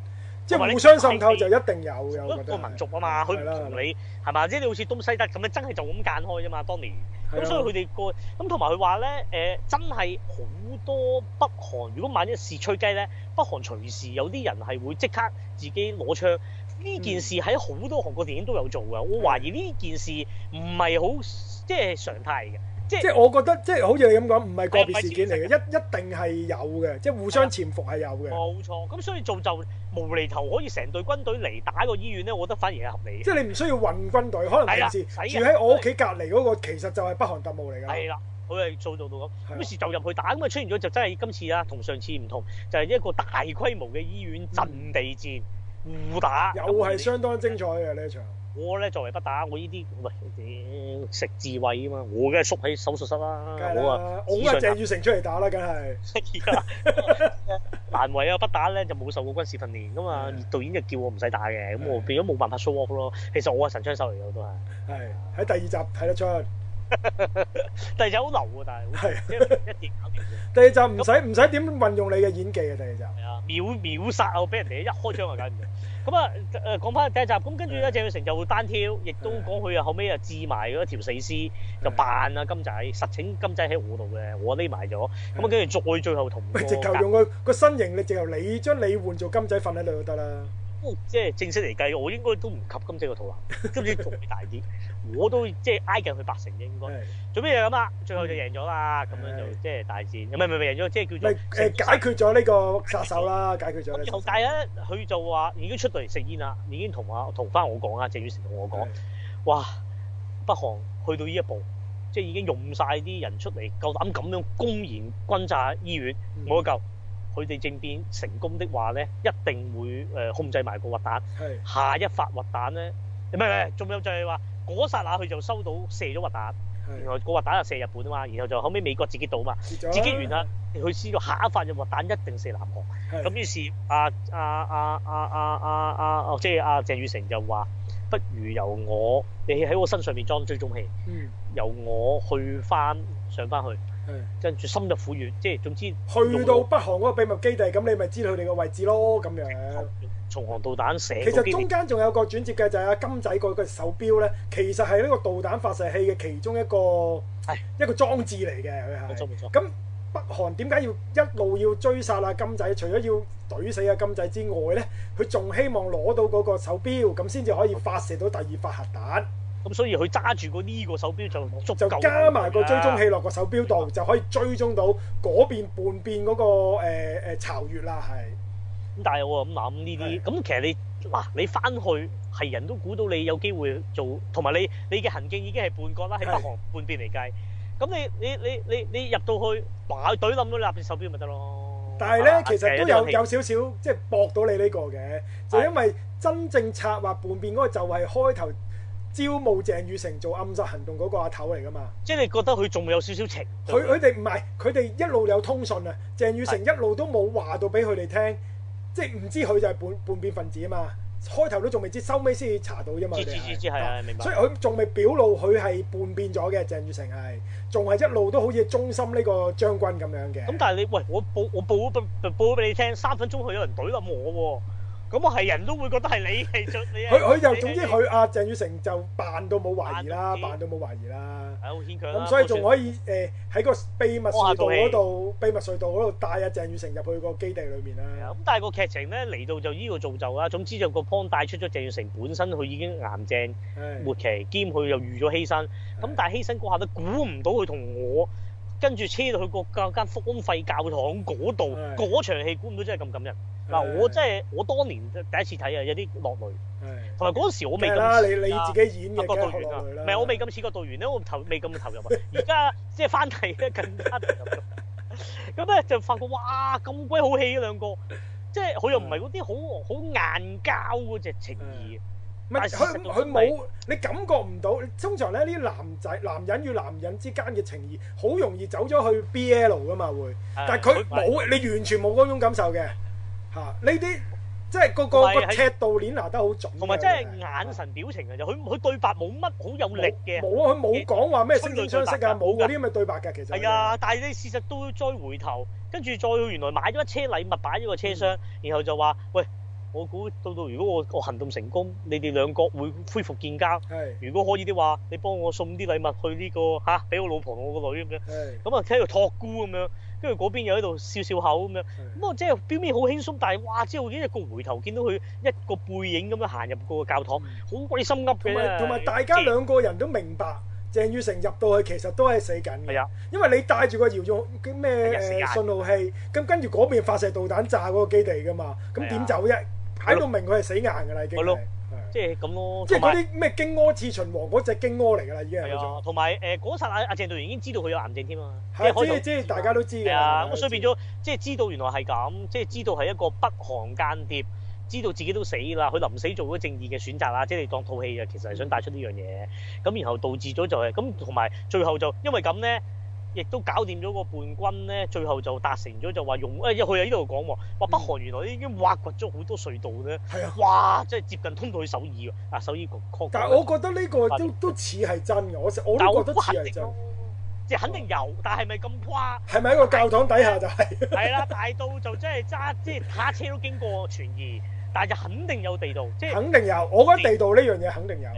即係互相滲透就一定有的，一個民族啊嘛，佢唔的同你係嘛，即係你好似東西德咁樣，真係就咁間開啫嘛。當年咁的所以佢哋個咁，同埋佢話咧誒，真係好多北韓。如果萬一係吹雞咧，北韓隨時有啲人係會即刻自己攞槍。呢件事喺好多韓國電影都有做嘅。的我懷疑呢件事唔係好即係常態嘅。即係即我覺得，即係好似你咁講，唔係個別事件嚟嘅，一一定係有嘅，即係互相潛伏係有嘅。冇錯，咁所以做就無厘頭，可以成隊軍隊嚟打個醫院咧，我覺得反而係合理。即係你唔需要運軍隊，可能平時住喺我屋企隔離嗰個，其實就係北韓特務嚟㗎。係啦，佢係做做到咁，於是的就入去打咁啊？出現咗就真係今次啦，同上次唔同，就係、是、一個大規模嘅醫院陣地戰、嗯、互打，又係相當精彩嘅呢場。我咧作為不打，我呢啲唔係食智慧啊嘛，我梗係縮喺手術室啦。我啊，我啊，係鄭宇成出嚟打啦，梗係。 *laughs* *laughs* 難為啊！不打咧就冇受過軍事訓練噶嘛，的導演就叫我唔使打嘅，咁的我變咗冇辦法 show off 咯。其實我係神槍手嚟嘅我都係。係喺第二集睇得出。 *laughs* 第二集好流啊，但係。係的。一 take 搞掂。第二集唔使唔使點運用你嘅演技啊！第二集。係啊，秒秒殺啊！俾人哋一開槍啊，搞唔掂。咁啊，誒講翻第一集，咁跟住咧鄭雨盛就會單挑，亦都講佢啊後屘啊置埋嗰一條死屍，是的 就扮啊金仔，實情金仔喺我度嘅，我匿埋咗，咁啊跟住再最後同，直頭用佢個身形，直你直頭你將你換做金仔瞓喺度就得啦。即係正式嚟計，我應該都唔及今次個肚腩，今次仲會大啲。我都即係挨近去八成嘅應該。 *laughs* 做咩嘢咁啊？最後就贏咗啦，咁 *laughs* 樣就即係大戰，唔係唔係贏咗，即係叫做誒解決咗呢個殺手啦， *laughs* 解決咗。之後第一，佢就話已經出到嚟食煙啦，已經同啊同翻我講啊，鄭雨盛同我講，我講 *laughs* 哇！北韓去到呢一步，即係已經用晒啲人出嚟，夠膽咁樣公然轟炸醫院，冇得救。佢哋政變成功的話咧，一定會誒、呃、控制埋個核彈。係是的 下一發核彈咧，唔咪唔仲有就係話嗰剎那佢就收到射咗核彈，原是的 後個核彈就射日本啊嘛，然後就後尾美國自己倒嘛，了啊、自己完啦，佢知道下一發嘅核彈一定射南韓。咁是的 於是阿阿阿阿阿阿哦，即係、啊、阿鄭雨盛就話，不如由我你喺我身上面裝追蹤器，嗯、由我去返上返去。即係深入虎穴，即係總之去到北韓嗰個秘密基地，咁你咪知道佢哋個位置咯，咁樣。從航導彈成其實中間仲有一個轉折嘅，就係、是、阿金仔個個手錶呢。其實係呢個導彈發射器嘅其中一個係唉一個裝置嚟嘅，佢係。咁北韓點解要一路要追殺阿金仔？除咗要懟死阿金仔之外呢，佢仲希望攞到嗰個手錶，咁先至可以發射到第二發核彈。咁所以佢揸住個呢個手錶、啊、就足夠加埋個追蹤器落個手錶度，就可以追蹤到嗰邊半邊嗰個誒誒巢穴啦。係咁，但係我又咁諗呢啲。咁其實你嗱，你翻去係人都估到你有機會做，同埋你你嘅行徑已經係半角啦，係北韓半邊嚟計。咁是的 你你你你你入到去，嗱，懟冧到你入邊手錶咪得咯？但係咧，其實都有、啊、有少少即係搏到你呢個嘅，是的 就因為真正策劃叛變嗰個就係開頭。招募鄭雨盛做暗殺行動嗰個阿頭嚟噶嘛？即係你覺得佢仲有少少情。佢佢哋唔係，佢哋一路有通訊啊。鄭雨盛一路都冇話到俾佢哋聽，是的 即係唔知佢就係叛叛變分子啊嘛。開頭都仲未知，收尾先至查到啫嘛。知知知知係係明白。所以佢仲未表露佢係叛變咗嘅，鄭雨盛係仲係一路都好似忠心呢個將軍咁樣嘅、嗯。咁但係你喂，我報我報我報報報俾你聽，三分鐘佢有人懟冧我喎、啊。咁啊，係人都會覺得係你係做你啊！佢佢就總之，佢阿鄭雨盛就扮到冇懷疑啦，扮到冇懷疑啦。啊，好牽強啦、啊！咁所以仲可以誒喺嗰個秘密隧道嗰度，啊那個、秘密隧道嗰度帶阿、啊、鄭雨盛入去個基地裏面啦。咁、嗯、但係個劇情咧嚟到就呢個造就啦。總之就個 point 帶出咗鄭雨盛，本身佢已經癌症末期，的兼佢又預咗犧牲。咁的但係犧牲嗰下都估唔到佢同我跟住車到去個間荒廢教堂嗰度，嗰的場戲估唔到真係咁感人。嗱，我真係我當年第一次睇啊，有啲落淚。同埋嗰陣時我未咁。你你自己演個導演。唔係我未咁似個導演咧，我投未咁投入啊。而家即係翻嚟咧，更加投入。咁咧就發覺哇，咁鬼好戲啊兩個！即係佢又唔係嗰啲好好硬膠嗰隻情義。唔係，佢冇，你感覺唔到。通常咧呢啲男仔、男人與男人之間嘅情義，好容易走咗去 BL 㗎嘛會。但係佢冇，你完全冇嗰種感受嘅。嚇！呢啲即係個個個尺度攆拿得好準，同埋即係眼神表情嘅啫。佢佢對白冇乜好有力嘅，冇啊！佢冇講話咩惺惺相惜啊，冇嗰啲咪對白㗎其實。係啊，但係你事實都再回頭，跟住再原來買咗一車禮物擺咗個車廂，然後就話：喂，我估到到如果我我行動成功，你哋兩國會恢復建交。係。如果可以嘅話，你幫我送啲禮物去呢個嚇，俾我老婆我個女咁樣。係。咁啊，喺度託孤咁樣。跟住嗰邊又喺度笑笑口咁樣，咁我即係表面好輕鬆，但係哇！之後已經一個回頭見到佢一個背影咁樣行入個教堂，好鬼心噏嘅。同埋同埋，大家兩個人都明白，鄭裕成入到去其實都係死緊嘅，因為你帶住個遙控咩誒信號器，咁跟住嗰邊發射導彈炸嗰個基地㗎嘛，咁點走啫？睇到明佢係死硬㗎啦已經。即係咁咯，即係嗰啲咩荊軻刺秦王嗰隻荊軻嚟噶啦，已經係同埋誒嗰剎阿阿鄭導員已經知道佢有癌症添啊，即係即係即係大家都知啊，咁所以變咗、嗯、即係知道原來係咁，即係知道係一個北韓間諜，知道自己都死啦，佢臨死做咗正義嘅選擇啦，即係當套戲啊，其實係想帶出呢樣嘢，咁、嗯、然後導致咗就係、是、咁，同埋最後就因為咁咧。亦都搞掂咗個叛軍咧，最後就達成咗就話用誒，佢喺呢度講喎，北韓原來已經挖掘咗好多隧道咧，係啊、哇！即係接近通到去首爾啊，首爾局。呃、但係我覺得呢個、呃、都都似係真嘅，我我都覺得似係真，即係、啊、肯定有，但係咪咁誇？係咪喺個教堂底下就係？係啦，大到就真係揸即係卡車都經過存疑，但係就肯定有地道，即係肯定有。我覺得地道呢樣嘢肯定有。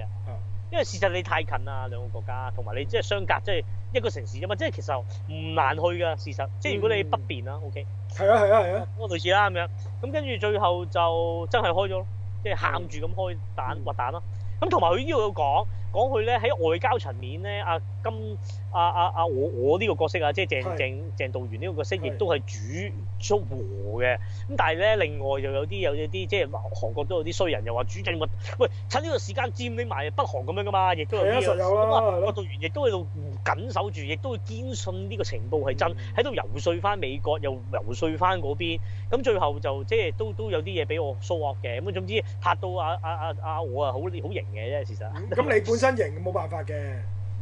因為事實你太近啦，兩個國家，同埋你即係相隔，即係一個城市啫嘛，即係其實唔難去噶。事實即係如果你北邊啦，OK？係啊，係啊，係啊，類似啦咁樣。咁跟住最後就真係開咗咯，即係喊住咁開彈核彈咯。咁同埋佢呢度有講。講佢咧喺外交層面咧，阿、啊、金阿阿阿我我呢個角色啊，即係鄭鄭鄭道元呢個角色，亦都係主促和嘅。咁但係咧，另外又有啲有啲即係韓國都有啲衰人，又話主政，喂，趁呢個時間佔你埋北韓咁樣㗎嘛，亦都有啲啦。阿、啊、的道元亦都喺度緊守住，亦都會堅信呢個情報係真，喺度游說翻美國，又游說翻嗰邊。咁最後就即係、就是、都都有啲嘢俾我掃惡嘅。咁啊，總之拍到阿阿阿阿我啊，好好型嘅啫，事、啊、實。咁、嗯、為你身型冇辦法嘅，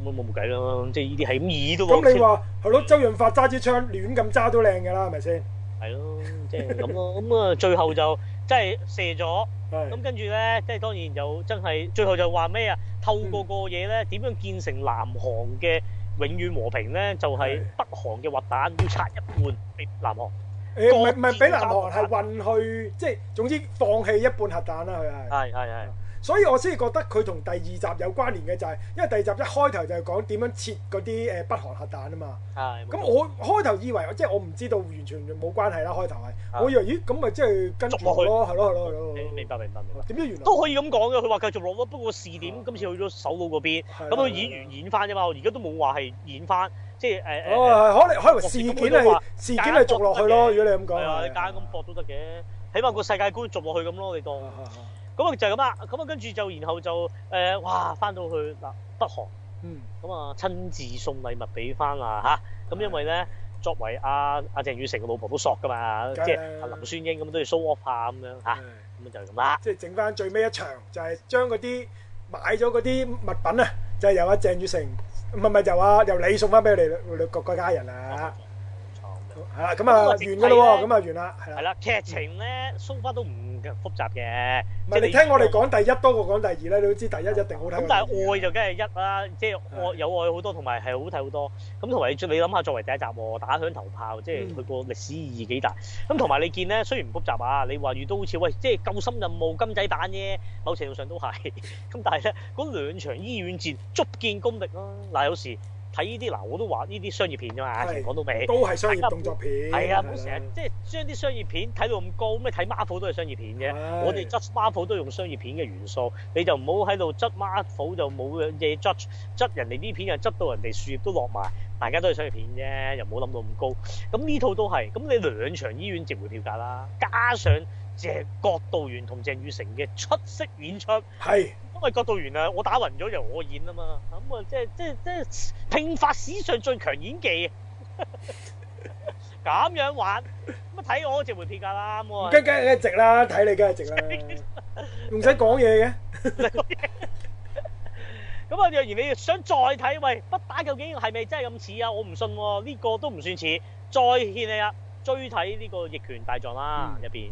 咁啊冇計咯，即係呢啲係咁耳都。咁你話係咯，嗯、周潤發揸支槍亂咁揸都靚嘅啦，係咪先？係咯，即係咁咯。咁啊 *laughs* 是，最後就即係射咗。咁跟住咧，即係當然就真係最後就話咩啊？透過個嘢咧，點、嗯、樣建成南韓嘅永遠和平咧？就係、是、北韓嘅核彈要拆一半俾南韓。誒、欸，唔係俾南韓係運去，即係總之放棄一半核彈啦。佢係係係係。所以我先覺得佢同第二集有關聯嘅就係，因為第二集一開頭就係講點樣設嗰啲誒北韓核彈啊嘛。係。咁我開頭以為，即係我唔知道完全冇關係啦。開頭係，我以為咦咁咪即係續落去咯，係咯係咯係咯。你明白明白。點知原來都可以咁講嘅，佢話繼續落咯。不過試點今次去咗首腦嗰邊，咁佢演完演翻啫嘛。我而家都冇話係演翻，即係誒誒。我係可可能事件係事件係續落去咯。如果你咁講。係啊，你咁搏都得嘅，起碼個世界觀續落去咁咯，你當。咁啊就係咁啊，咁啊跟住就然後就誒、呃、哇翻到去嗱北韓，咁啊親自送禮物俾翻啊吓，咁因為咧作為阿阿鄭宇成嘅老婆都索噶嘛，即係然、啊、林宣英咁都要 show off 下咁樣吓，咁啊就係咁啦，即係整翻最尾一場就係將嗰啲買咗嗰啲物品、就係、啊,啊，就由阿鄭宇成唔係唔係由阿由你送翻俾你哋各個家人啊，係啦咁啊完㗎咯喎，咁啊完啦，係啦劇情咧 so far、嗯、都唔～複雜嘅，是你係聽我哋講第一我多過講第二咧，你都知道第一一定好睇。咁但係愛就梗係一啦，即、就、係、是、愛是的 有愛好多，同埋係好睇好多。咁同埋你想想，你諗下作為第一集，打響頭炮，即係佢個歷史意義幾大。咁同埋你見咧，雖然唔複雜啊，你話遇到好似喂，即係救心任務金仔版啫，某程度上都係。咁但係咧，嗰兩場醫院戰，足見功力咯。嗱，有時。睇呢啲嗱，我都話呢啲商業片啫嘛，講到尾都係商業動作片，係啊，唔好成日即係將啲商業片睇到咁高，咩睇 Marvel 都係商業片啫，是的 我哋執 Marvel 都用商業片嘅元素，你就唔好喺度執 Marvel 就冇嘢執，執人哋啲片又執到人哋樹葉都落埋，大家都係商業片啫，又唔好諗到咁高。咁呢套都係，咁你兩場醫院值回票價啦，加上郭道元同鄭雨盛嘅出色演出，係。因喂，郭導演啊，我打暈咗由我演啊嘛，咁啊即係即係即係拼發史上最強演技呵呵，咁樣玩，咁啊睇我直回撇㗎啦，咁、嗯、啊，梗梗梗係直啦，睇你梗係直啦，唔使講嘢嘅，咁啊 *laughs* *laughs* 若然你想再睇，喂，不打究竟係咪真係咁似啊？我唔信喎、啊，呢、呢個都唔算似，再獻你看這啦，追睇呢個《逆權大狀》啦入邊，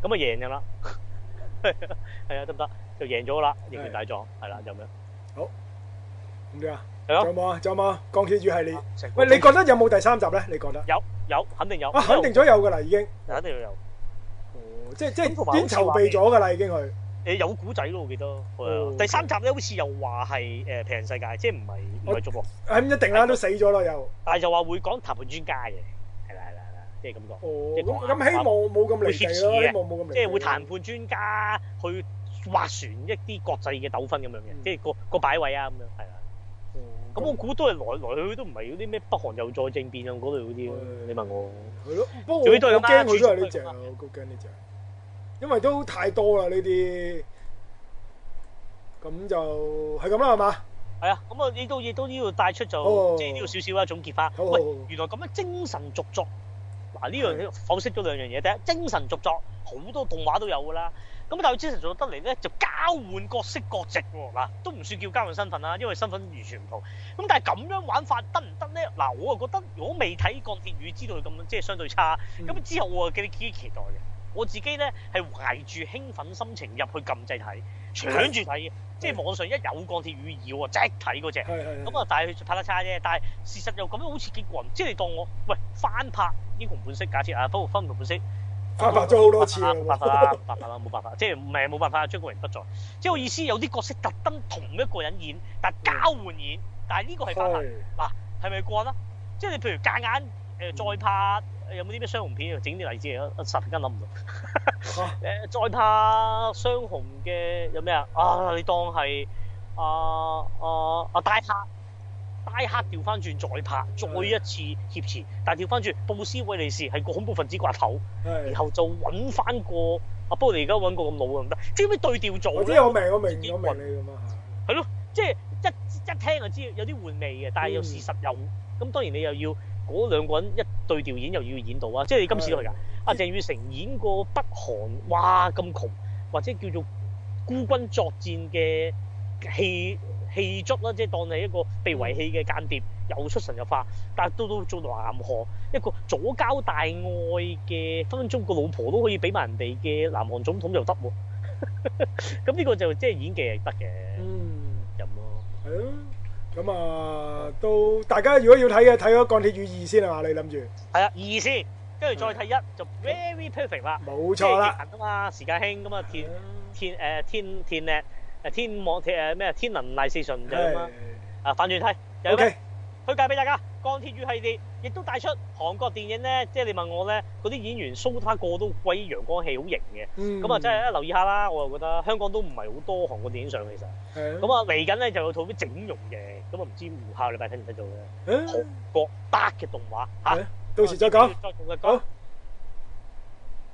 咁啊贏㗎啦，係啊，得唔得？就贏咗啦！逆權大狀係啦，就咁樣。好咁點啊？有冇啊？有冇啊？鋼鐵雨系列。喂，你覺得有冇第三集咧？你覺得有有肯定有啊，肯定咗有噶啦，已經。肯定有。哦，即即已經籌備咗噶啦，已經佢。誒有古仔咯，我記得。誒，第三集咧，好似又話係誒平行世界，即唔係唔係續播。誒咁一定啦，都死咗啦又。但係就話會講談判專家嘅，係啦係啦，即係咁講。哦，咁咁希望冇咁離奇咯，希望冇咁離奇。即係會談判專家去。划船一啲國際嘅糾紛咁樣嘅，即係個個擺位啊咁樣，係啊。咁我估都係來來去去都唔係嗰啲咩北韓又再政變啊嗰類嗰啲你問我。係咯，不過我我驚佢都係呢隻，呢隻，因為都太多啦呢啲。咁就係咁啦，係嘛？係啊，咁啊，呢度都要帶出就，即係呢個少少啊，總結法。喂，原來咁樣精神續作，嗱呢樣嘢剖析咗兩樣嘢。精神續作好多動畫都有噶啦。咁但係佢之前做得嚟咧，就交換角色國籍喎嗱、啊，都唔算叫交換身份啦、啊，因為身份完全唔同。咁但係咁樣玩法得唔得咧？嗱，我又覺得，如果未睇《鋼鐵雨》知道佢咁，即係相對差。咁、嗯、之後我啊幾幾期待嘅，我自己咧係懷住興奮心情入去撳掣睇，嗯、搶住睇嘅，即係網上一有《鋼鐵雨》要啊，即睇嗰隻。咁咁啊，但係佢拍得差啫。但係事實又咁樣好似結果，即係當我喂翻拍《英雄本色》，假設啊都翻唔到本色。拍咗好多次啊！冇辦法啦，冇辦法啦，冇辦法，即係唔係冇辦法啊！張國榮不在，即係我意思有啲角色特登同一個人演，但交換演，嗯、但係呢個係翻拍嗱，係咪過啦？即係你譬如夾硬誒再拍，有冇啲咩雙紅片啊？整啲例子嚟啊！霎時間諗唔到誒， *laughs* 再拍雙紅嘅有咩啊？啊，你當係啊啊啊大塔。呃呃呃帶拍戴黑調翻轉再拍，再一次挾持，是的 但係調翻轉布斯威利士係個恐怖分子刮頭，是的 然後就揾翻個、啊、不過你而家揾個咁老嘅唔得，知唔知對調組？我知我明，我明我明你咁啊嚇！係咯，即係一一聽就知有啲換味嘅，但係有事實又咁。嗯、當然你又要嗰兩個人一對調演又要演到啊！即係你今次都係㗎，阿鄭雨盛演過北韓哇咁窮，或者叫做孤軍作戰嘅戲。氣足啦、啊，即係當你一個被遺棄嘅間諜，嗯、又出神入化，但係到到做南韓一個左交大愛嘅分分鐘個老婆都可以俾埋人哋嘅南韓總統就得喎，咁呢個就即係演技係得嘅，嗯，嗯、啊啊，咁咯，係、呃、咯，咁啊都大家如果要睇嘅睇咗《看看鋼鐵雨二》先係嘛？你諗住？係啊，二先，跟住再睇一是、啊、就 very perfect 啦、啊，冇錯啦，即係啊嘛，時間輕咁啊，天天誒天天咧。天天天誒，天網誒咩？天能賴四順就咁啦。的啊，反轉睇又 OK。推介俾大家鋼鐵雨系列，亦都帶出韓國電影咧。即係你問我咧，嗰啲演員 so tough 過到陽光氣好型嘅。咁啊、嗯，真係一留意一下啦，我又覺得香港都唔係好多韓國電影上其實。咁啊的，嚟緊咧就有套整容嘅，咁啊唔知唔下個禮拜睇唔睇到咧？韓國 dark 嘅動畫吓、啊，到時再講。再說再說。